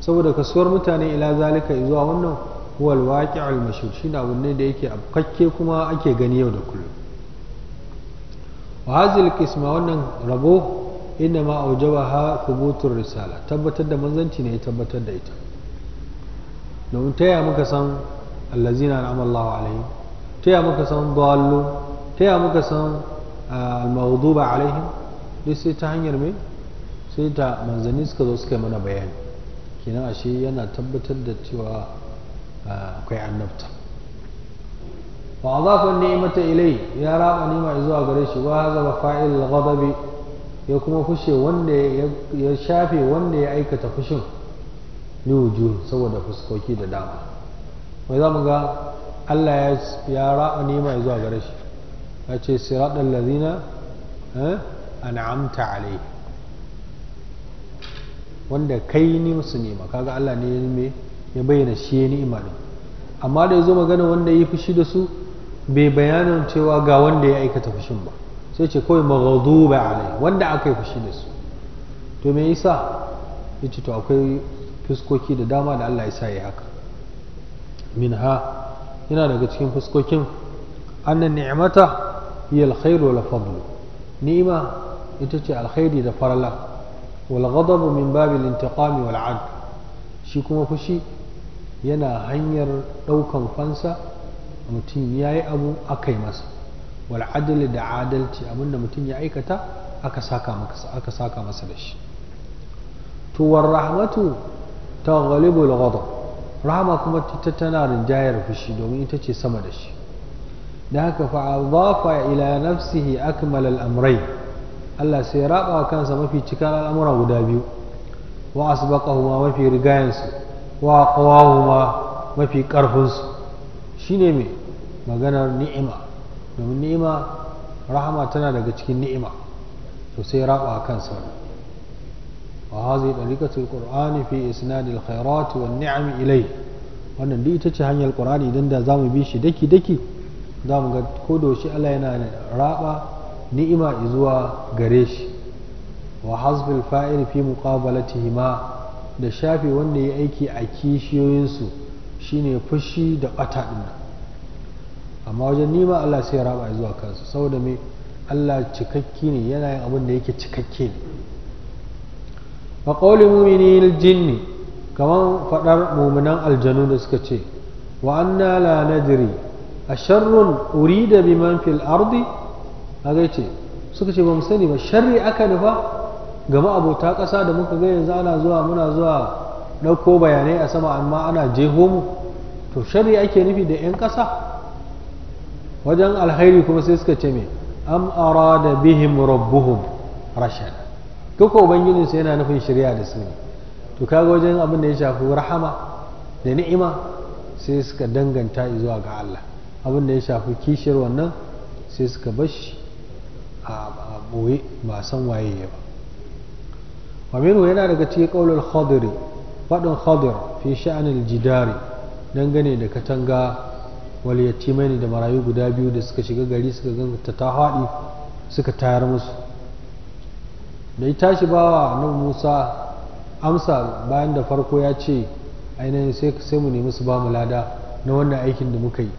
[SPEAKER 1] saboda kasuwar mutane ila zalika zuwa wannan huwa alwaqi'u almashhur shine abun ne da yake afkakke kuma ake gani yau da kullum wa hazil qisma wannan rabo inna ma aujabaha kubutur risala tabbatar da manzanci ne ya tabbatar da ita domin taya muka san allazina an'ama Allahu alaihim taya muka san dallu taya muka san ah, al-maghduba alaihim duk sai ta hanyar mai sai ta manzanni suka zo suka yi mana bayani kenan ashe yana tabbatar da cewa ah, akwai annabta wa azafa ni'mata ilai ya raba ni'ma zuwa gare shi wa hazaba fa'il ghadabi ya kuma fushe wanda ya shafe wanda ya aikata fushin ni wujuhi saboda fuskoki da dama wai za mu ga Allah ya raba ni'ma zuwa gare shi ya ce siratal ladina eh, an'amta alaihi wanda kai ni musu nema kaga Allah ne ya bayyana shi ya ni'ima din amma da yazo magana wanda yi fushi da su bai bayanin cewa ga wanda ya aikata fushin ba sai ce kawai maghduba alai wanda aka yi fushi da su to me yasa yace to akwai fuskoki da dama da Allah ya sa ya haka minha yana daga cikin fuskokin annan ni'mata hiya alkhairu wal fadlu ni'ima ita ce alkhairi da farala wal ghadabu min babil intiqami wal shi kuma fushi yana hanyar ɗaukan fansa mutum ya yi abu aka yi masa wal adali da adalci abinda mutum ya aikata aka saka masa da shi tuwar rahmatu ta ghalibul rahma rahama kuma ta tana rinjayar fushi domin ita ce sama da shi da haka fa ila nafsihi akmal al Allah sai ya raba kansa mafi cika al'amura guda biyu wa asbaqahuma mafi rigayansu wa qawahuma mafi karfinsu shine mai maganar ni'ima domin ni'ima rahama tana daga cikin ni'ima to sai ya raba kansa wa hazi dariqatul qur'ani fi isnadil khairat wan ni'am ilai wannan duk ita ce hanyar qur'ani idan da zamu bi shi daki daki zamu ga ko Allah yana raba ni'ima zuwa gare shi wa hasbil fa'il fi muqabalatihima da shafe wanda ya aiki a kishiyoyinsu shine fushi da bata din amma wajen nima Allah sai ya raba zuwa kansu saboda me Allah cikakke ne yana yin abin da yake cikakke ne wa qawli mu'minil jinni kaman fadar mu'minan aljanu da suka ce wa anna la nadri asharrun urida biman fil ardi kaga ce suka ce ba mu sani ba sharri aka nufa gama abota ƙasa da muka ga yanzu ana zuwa muna zuwa ɗauko bayanai a sama amma ana jeho mu to sharri ake nufi da 'yan ƙasa wajen alhairi kuma sai suka ce me am da bihim rabbuhum rashad duk ubangijin su yana nufin shirya da su ne to kaga wajen abin da ya shafi rahama da ni'ima sai suka danganta zuwa ga Allah abin da ya shafi kishiyar wannan sai suka bashi a boye ba san waye ya ba wamiru yana daga cikin ƙaunar khadiri faɗin khadir fi sha'anin jidari dangane da katanga wal yatimaini da marayu guda biyu da suka shiga gari suka ganta ta haɗi suka tayar musu da tashi bawa nan musa amsa bayan da farko ya ce ainihin sai mu nemi su ba mu lada na wannan aikin da muka yi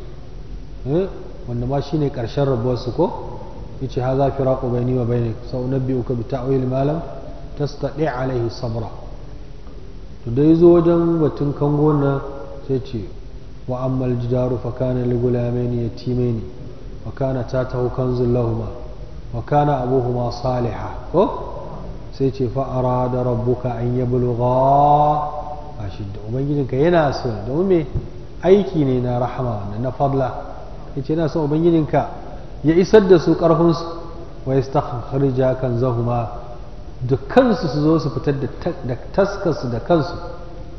[SPEAKER 1] eh, wanda ma shine ƙarshen rabuwarsu ko yace haza firaqu baini wa bainik sa unabbi'uka bi ta'wil ma lam tastati' alaihi sabra to da wajen batun kango na sai ce wa ammal jidaru fa kana li gulamaini yatimaini wa kana tatahu kanzul lahumma wa kana abuhuma saliha ko sai ce fa arada rabbuka an yablugha ashidda ubangijinka yana so domin me aiki ne na rahama na fadla yace yana so ubangijinka ya isar da su ƙarfinsu wa istakhrija kan zahuma dukkansu su zo su fitar da taskarsu da kansu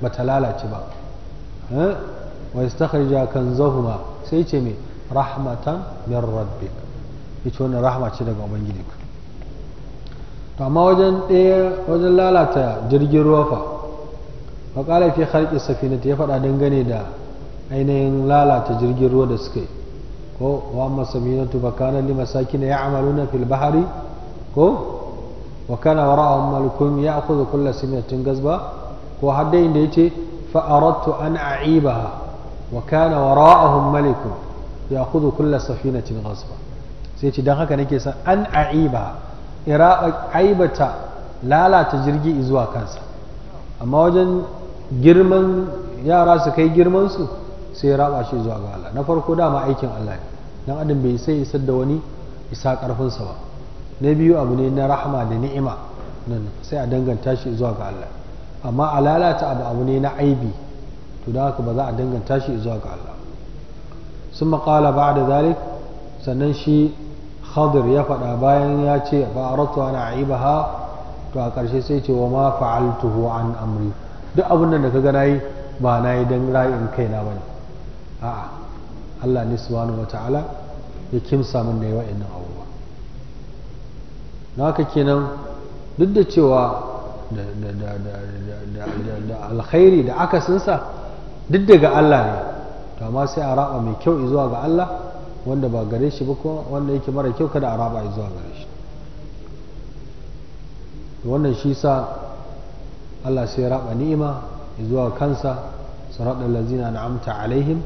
[SPEAKER 1] ba ta lalace ba eh? wa istakhrija kan zahuma sai ce mai rahmatan min ya ita wannan rahma ce daga ubangijinka to amma wajen ɗaya wajen lalata jirgin ruwa fa wa ƙala fi harƙi safinata ya faɗa dangane da ainihin lalata jirgin ruwa da suka yi ko wa amma saminatu bakana li masakin ya'maluna fil bahari ko wa kana wara'ahum malikun ya'khudhu kulla sinatin gazba ko har dai inda yace fa aradtu an a'ibaha wa kana wara'ahum malikun ya'khudhu kulla safinatin gazba sai ce dan haka nake san an a'iba ira aibata lalata jirgi zuwa kansa amma wajen girman yara su kai girman su sai ya raba shi zuwa ga Allah na farko dama aikin Allah ne dan adam bai sai isar da wani isa karfinsa ba na biyu abu ne na rahama da ni'ima nan sai a danganta shi zuwa ga Allah amma a lalata abu abu ne na aibi to da haka ba za a danganta shi zuwa ga Allah sun maƙala ba da zalik sannan shi khadir ya faɗa bayan ya ce ba a ratu ana aibaha to a ƙarshe sai ce wa ma fa'altuhu an amri duk abin da ka ga nayi ba nayi dan ra'in kaina ne. a'a Allah ne subhanahu wata'ala ya kimsa min da yawa innan abubuwa na haka kenan duk da cewa da alkhairi da akasinsa duk daga Allah ne to amma sai a raba mai kyau zuwa ga Allah wanda ba gare shi ba kuma wanda yake mara kyau kada a raba zuwa gare shi wannan shi sa Allah sai ya raba ni'ima zuwa kansa lazina na amta alaihim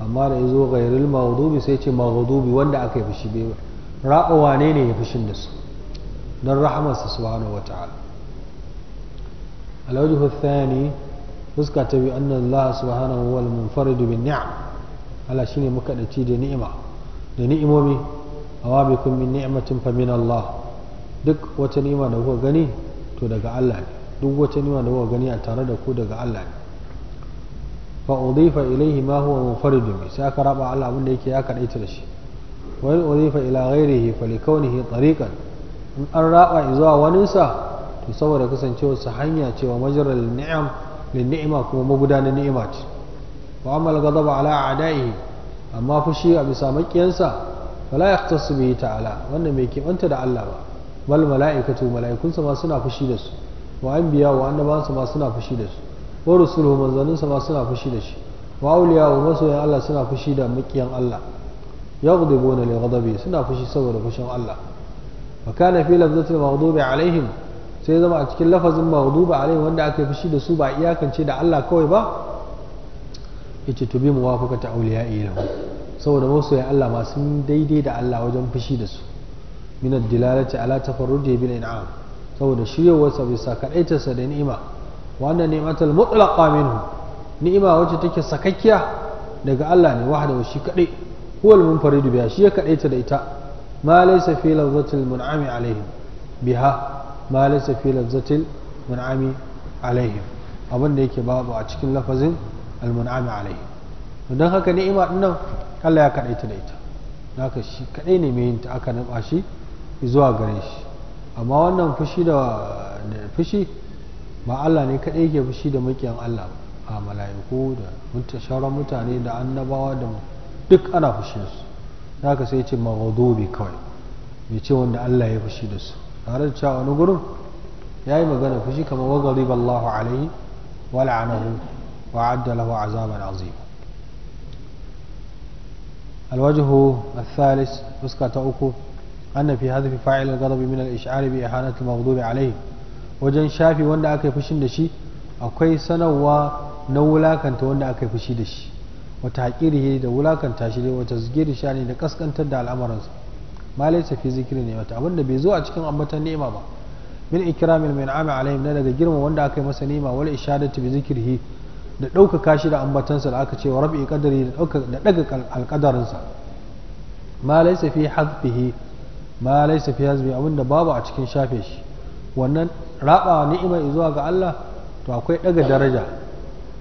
[SPEAKER 1] amma da ya zo gairil maghdubi sai ce maghdubi wanda aka yi fushi bai raba wane ne ya fushin da su don rahamarsa subhanahu wa ta'ala alwajhu athani fuska ta biyu anna Allah subhanahu wal munfarid bin ni'am Allah shine makadaci da ni'ima da ni'imomi awa bikum min ni'matin fa min Allah duk wata ni'ima da kuka gani to daga Allah ne duk wata ni'ima da kuka gani a tare da ku daga Allah ne fa udifa ilayhi ma huwa munfaridun sai aka raba Allah abin da yake ya kadaita da shi wa in udifa ila ghairihi fa likawnihi tariqan in an raba zuwa waninsa to saboda kasancewa sa hanya cewa majral ni'am lin kuma magudanar ni'ima ce wa amma al-ghadab ala a'da'ihi amma fushi a bisa makiyansa fala yahtasu bihi ta'ala wannan bai kibanta da Allah ba bal mala'ikatu mala'ikunsa ma suna fushi da su wa anbiya wa annabansa ma suna fushi da su wa rusuluhu manzanninsa ma suna fushi da shi wa auliya wa masoyan Allah suna fushi da makiyan Allah yaghdibuna li ghadabi suna fushi saboda fushin Allah wa kana fi lafzatil maghdubi alaihim sai zama a cikin lafazin maghdubi alaihim wanda aka fushi da su ba iyakance da Allah kawai ba yace to bi muwafaqata auliya'i lahu saboda masoyan Allah ma sun daidai da Allah wajen fushi da su min ad-dilalati ala tafarruji bil in'am saboda shiryarwarsa bisa kadaitarsa da ni'ima wannan ni'matul mutlaqa minhu ni'ima wacce take sakakkiya daga Allah ne wa shi kadai huwal munfaridu biha shi ya kadaita da ita ma laysa fi lafzatil mun'ami alaihim biha ma laysa fi lafzatil mun'ami alaihim abin yake babu a cikin lafazin al-mun'ami alaihim don haka ni'ima din nan Allah ya ta da ita ka shi kadai ne mai yin ta aka naba shi zuwa gare shi amma wannan fushi da fushi ba Allah ne kaɗai ke fushi da maƙiyan Allah a mala'iku da sauran mutane da annabawa da duk ana fushi su za ka sai ce maghdubi kawai mai ce wanda Allah ya fushi da su tare da cewa wani gurin ya yi magana fushi kamar wa ghadiba Allahu alaihi wa la'anahu wa adda lahu azaban azim الوجه الثالث فسكة أكو أن في هذا فاعل الغضب من الإشعار بإهانة المغضوب alayhi. wajen shafi wanda aka yi fushin da shi akwai sanarwa na wulakanta wanda aka yi fushi da shi wata haƙirihi da wulakanta shi ne wata zigiri shani da kaskantar da al'amuransa ma laisa fi zikiri ne wata abinda bai zo a cikin ambatan ni'ima ba min ikramil min ami alaihim na daga girma wanda aka yi masa ni'ima wal ishadatu bi zikrihi da ɗaukaka shi da ambatansa da aka ce wa rabbi kadari da ɗaga alƙadarinsa ma laisa fi hazfihi ma laisa fi hazfi abinda babu a cikin shafe shi wannan rabawa ni'imar zuwa ga Allah to akwai daga daraja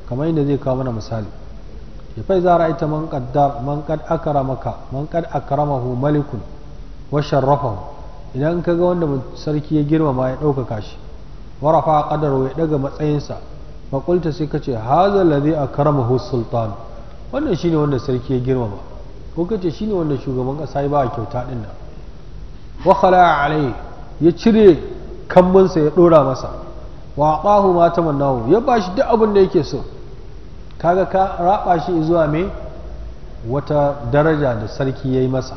[SPEAKER 1] kamar yadda zai kawo mana misali ya fa za ra'aita man qaddar man qad akramaka man qad akramahu malikun wa sharrafahu idan ka ga wanda sarki ya girmama ya ɗaukaka shi wa rafa qadaru ya daga matsayinsa fa qulta sai kace hadha alladhi akramahu sultan wannan shine wanda sarki ya girmama ko kace shine wanda shugaban kasa ya ba kyauta din nan wa khala alai ya cire kambunsa ya ɗora masa wa ɓahu ma ta mannahu ya ba shi duk abin da yake so kaga ka raɓa shi zuwa mai wata daraja da sarki ya yi masa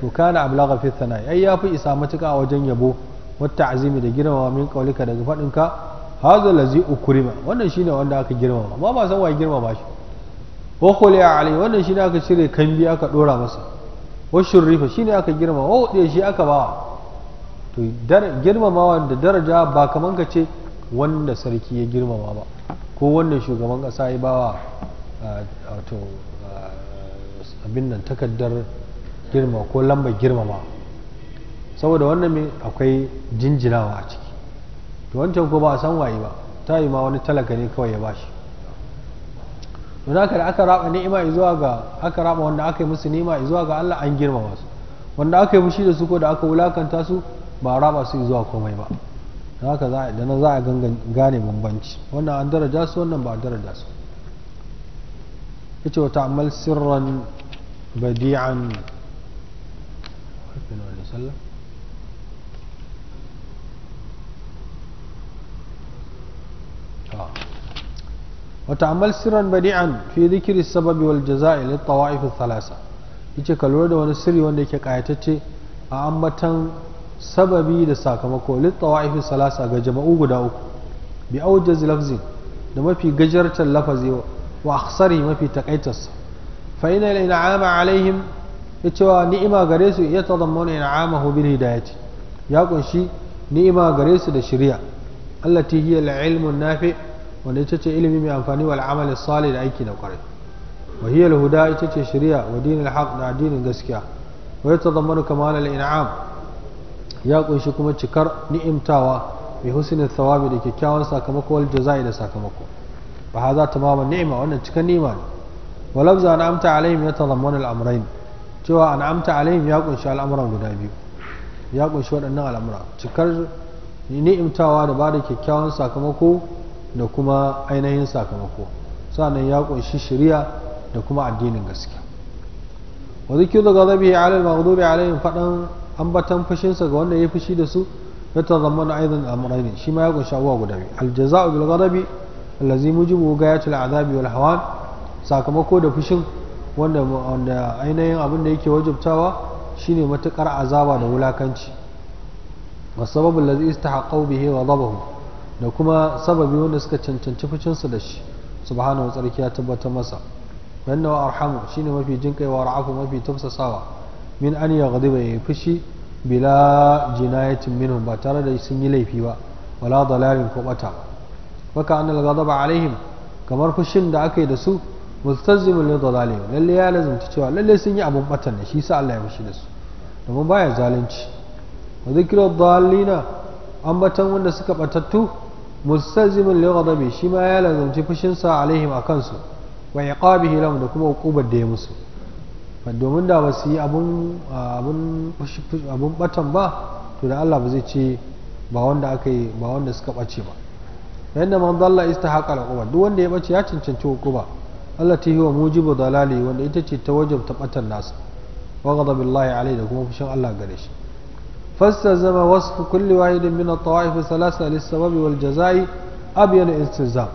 [SPEAKER 1] to kana ablagha fi thana'i ai ya fi isa matuka a wajen yabo wata azimi da girmama min kaulika daga faɗinka hadha lazi ukurima wannan shine wanda aka girmama amma ba san wa girmama shi wa khuliya alai wannan shine aka cire kambi aka ɗora masa wa shurrifa shine aka girmama wa shi aka bawa to girmamawa da daraja ba kamar ka ce wanda sarki ya girmama ba ko wanda shugaban kasa ya bawa wa abin nan takardar girma ko lambar girmama saboda wannan mai akwai jinjinawa a ciki to wancan ko ba a san waye ba ta yi ma wani talaka ne kawai ya bashi to da aka raba ni'ima zuwa ga aka raba wanda aka yi musu ni'ima zuwa ga Allah an girmama su wanda aka yi mushi da su ko da aka wulakanta su ba raba su zuwa komai ba haka za a nan za a gane bambanci wannan an daraja su wannan ba a daraja su ita wa amal sirran badi'an وتعمل سرا بديعا في ذكر السبب والجزاء للطوائف الثلاثة yace ka lura da wani sirri wanda yake kayatacce a ambatan sababi da sakamako littawa'ifin salasa ga jama'u guda uku bi aujaz lafzin da mafi gajartar lafazi wa aksari mafi takaitarsa fa ina in'ama alaihim ya cewa ni'ima gare su ya tazammuna in'amahu bil hidayati ya kunshi ni'ima gare su da shari'a allah hiya al-ilmun nafi wanda ita ce ilimi mai amfani wal amali salih da aiki na kwarai wa hiya huda ita ce shari'a wa dinul haq da addinin gaskiya wa ya tazammuna kamal al-in'am ya kunshi kuma cikar ni'imtawa bi husni thawabi da kyakkyawan sakamako wal jazai da sakamako fa hadha tamama ni'ima wannan cikar ni'ima ne walab za an amta ya yatadammanu al-amrayn cewa an amta alaihim ya kunshi al'amuran guda biyu ya kunshi waɗannan al'amura cikar ni'imtawa da bada kyakkyawan sakamako da kuma ainihin sakamako sannan ya kunshi shari'a da kuma addinin gaskiya wa gazabi ghadabihi 'ala al-maghdubi 'alaihim fadan ambatan fushinsa ga wanda ya fushi da su ya tazammana aidan amrayn shi ma ya kunshi abuwa guda biyu aljaza'u bil ghadabi allazi mujibu gayatul azabi wal hawan sakamako da fushin wanda wanda ainihin abin da yake wajibtawa shine matukar azaba da wulakanci wa sababu allazi istahaqqu bihi ghadabahu da kuma sababi wanda suka cancanci fushinsa da shi subhanahu wa tsarki ya tabbatar masa wa arhamu shine mafi jinkai wa ra'afu mafi tafsasawa min an ya ghadiba ya fushi bila jinayatin minhum ba tare da sun yi laifi ba wala dalalin ko bata faka an al-ghadaba alaihim kamar fushin da aka yi da su multazimun li dalalin lalle ya lazumta cewa lalle sun yi abun batan da shi sa Allah ya fushi da su domin baya zalunci wa dhikru an batan wanda suka batattu multazimun li ghadabi shi ma ya lazumci fushin sa alaihim akan su wa iqabihi lahum da kuma hukubar da ya musu domin da ba su yi abun batan ba to da Allah ba zai ce ba wanda aka yi ba wanda suka ɓace ba yadda man dalla istahaqa al-uquba duk wanda ya ɓace ya cancanci hukuma Allah ta yi wa mujibu dalali wanda ita ce ta wajabta batan nasa wa ghadabillahi alai da kuma fushin Allah gare shi فاستلزم وصف كل واحد من الطوائف الثلاثة wal jaza'i abiyana istizam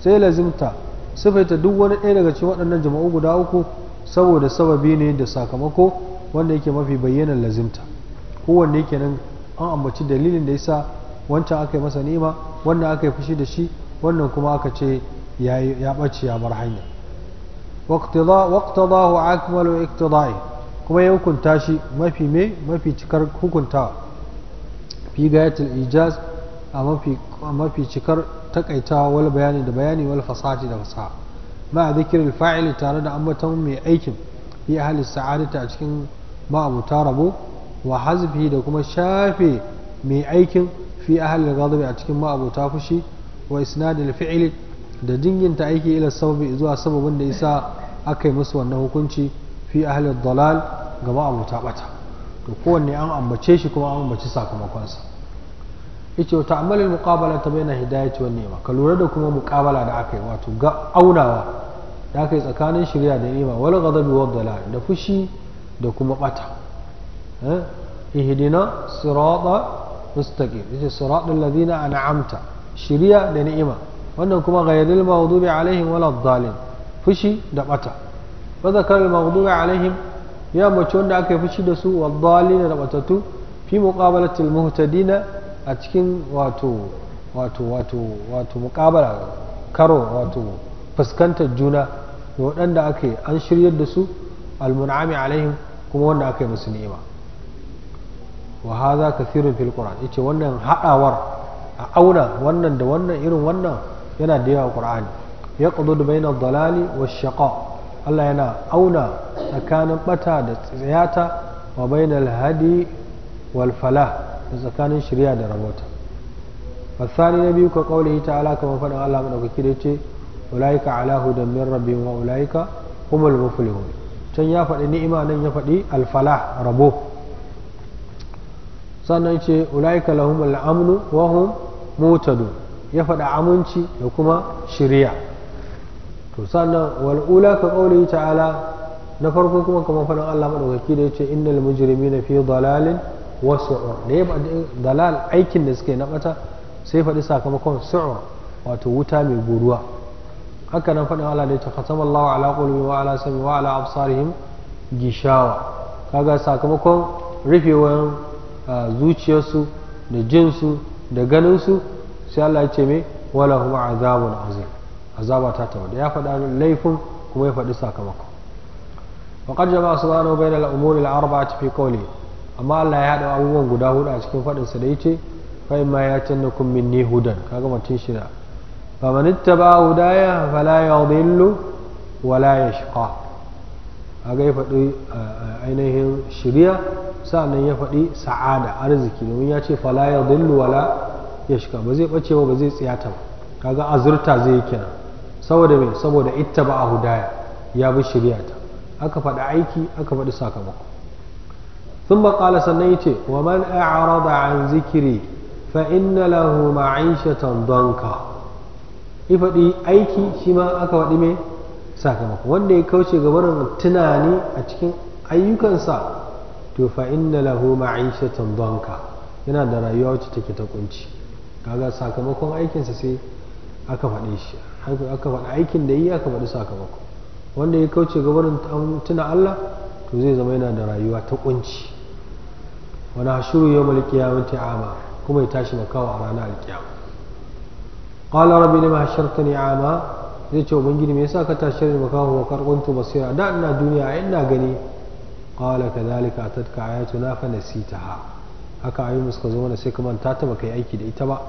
[SPEAKER 1] sai lazimta sifaita duk wani ɗaya daga cikin waɗannan jama'u guda uku saboda sababi ne da sakamako wanda yake mafi bayyanan lazimta kowanne nan an ambaci dalilin da yasa wancan aka yi masa nema wannan aka yi fushi da shi wannan kuma aka ce ya ɓace ya bar hanya waqtadahu akmalu iqtida'i kuma ya hukunta shi mafi me mafi cikar hukuntawa fi gayatul ijaz a mafi cikar takaitawa wal bayani da bayani wal fasati da fasaha ma zikirin fa'ili tare da ambaton mai aikin fi ahli sa'adata a cikin ma'abuta rabo wa hazfi da kuma shafe mai aikin fi ahli ghadabi a cikin ma'abuta fushi wa isnadil fi'ili da jinginta aiki ila sababi zuwa sababin da isa aka yi musu wannan hukunci fi ahli dalal ga ma'abuta bata to kowanne an ambace shi kuma an ambaci sakamakonsa yace wa ta'ammalil muqabalata baina hidayati wan ni'ma ka lura da kuma muqabala da aka yi wato ga aunawa da aka yi tsakanin shirya da ni'ima wal ghadabi wad dalal da fushi da kuma bata eh ihdina sirata mustaqim yace siratal ladina an'amta shirya da ni'ima wannan kuma ghayril maghdubi alaihim walad dalin fushi da bata fa zakar maghdubi alaihim ya mace wanda aka yi fushi da su wad dalin da batatu fi muqabalatil muhtadina a cikin wato wato wato wato karo wato fuskantar juna da waɗanda aka an shiryar da su almun'ami alaihim kuma wanda aka yi musu ni'ima wa haza kathirun fil qur'an yace wannan hadawar a auna wannan da wannan irin wannan yana da yawa qur'ani yaqdudu baina dalali wash shaqa Allah yana auna tsakanin bata da tsiyata wa bainal hadi wal falah tsakanin shirya da rabota wasani na biyu ka kaulihi ta'ala kama faɗin Allah madaukaki da ce ulaika ala hudan min rabi wa ulaika humul muflihun can ya faɗi ni'ima nan ya faɗi alfalah rabo sannan ce ulaika lahum al'amnu wa hum mutadu ya faɗa aminci da kuma shirya to sannan wal'ula ka kaulihi ta'ala na farko kuma kama faɗin Allah madaukaki da ya ce innal mujrimina fi dalalin wasu'ur da ya dalal aikin da suke yi sai faɗi sakamakon su'ur wato wuta mai guruwa haka nan faɗin ala da ya tafatama Allah ala qulubi wa ala sami wa ala absarihim gishawa kaga sakamakon rufewar zuciyarsu da jinsu da ganinsu sai Allah ya ce mai wala kuma azabun azim azaba ta tawa ya faɗa laifin kuma ya faɗi sakamakon وقد جمع سبحانه بين الأمور الأربعة في قوله amma Allah ya haɗa abubuwan guda hudu a cikin faɗinsa da yace fa ma ya tanna kun ni hudan kaga mutum shida fa man ittaba hudaya fala yadhillu wala yashqa kaga ya faɗi eh, ainihin shiriya sannan ya faɗi sa'ada arziki domin ya ce fala yadhillu wala yashqa ba zai bace ba zai tsiyata ba kaga azurta zai yi kenan saboda me saboda ittaba hudaya ya bi shiriyata aka faɗi aiki aka faɗi sakamako sun maƙala sannan yace wa man a'rada an zikiri fa inna lahu ma'ishatan danka ifadi aiki shi aka waɗi me sakamako wanda ya kauce ga barin tunani a cikin ayyukansa to fa inna lahu ma'ishatan danka yana da rayuwa wacce take ta kunci kaga sakamakon aikinsa sai aka faɗi shi aka faɗi aikin da yi aka faɗi sakamako wanda ya kauce ga barin tuna Allah to zai zama yana da rayuwa ta kunci wani hashuru yau mali kiyamati ama kuma ya tashi kawo a ranar alkiyama qala rabbi lima hashartani ama zai ce ubangiji me yasa ka tashi da makawa wa karquntu basira da ina duniya a ina gani qala kadhalika atatka nasi ta ha haka ayoyin suka zo mana sai ka manta ta baka yi aiki da ita ba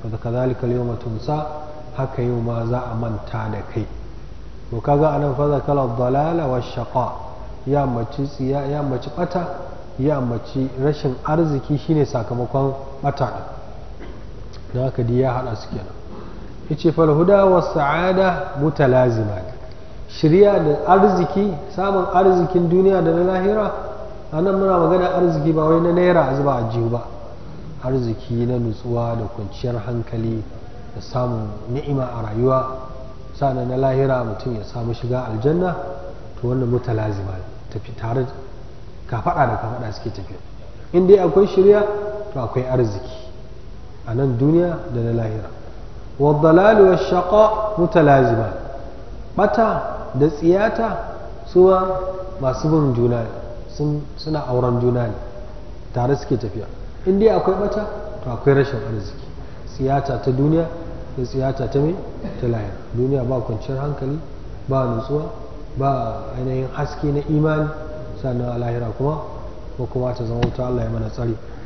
[SPEAKER 1] fa kadhalika al-yawma tunsa haka yau ma za a manta da kai to kaga anan fa zakala dalala wa shaqa ya mace tsiya ya mace bata ya mace rashin arziki shine sakamakon bata da haka dai ya hada su kenan yace fal huda was sa'ada mutalazimat shirya da arziki samun arzikin duniya da na lahira anan muna magana arziki ba wai na naira a zuba ba arziki na nutsuwa da kwanciyar hankali da samun ni'ima a rayuwa sannan na lahira mutum ya samu shiga aljanna to wannan mutalazima tafi tare ka kafaɗa da ka kafaɗa suke tafiya in dai akwai shirya to akwai arziki a nan duniya da na lahira waddalali wa shaƙa mutalazima ɓata da tsiyata suwa masu bin juna ne suna auren juna ne tare suke tafiya in dai akwai ɓata to akwai rashin arziki tsiyata ta duniya da tsiyata ta mai ta lahira duniya ba kwanciyar hankali ba nutsuwa ba ainihin haske na imani sannan a lahira kuma ko kuma ta zama wuta Allah ya mana tsari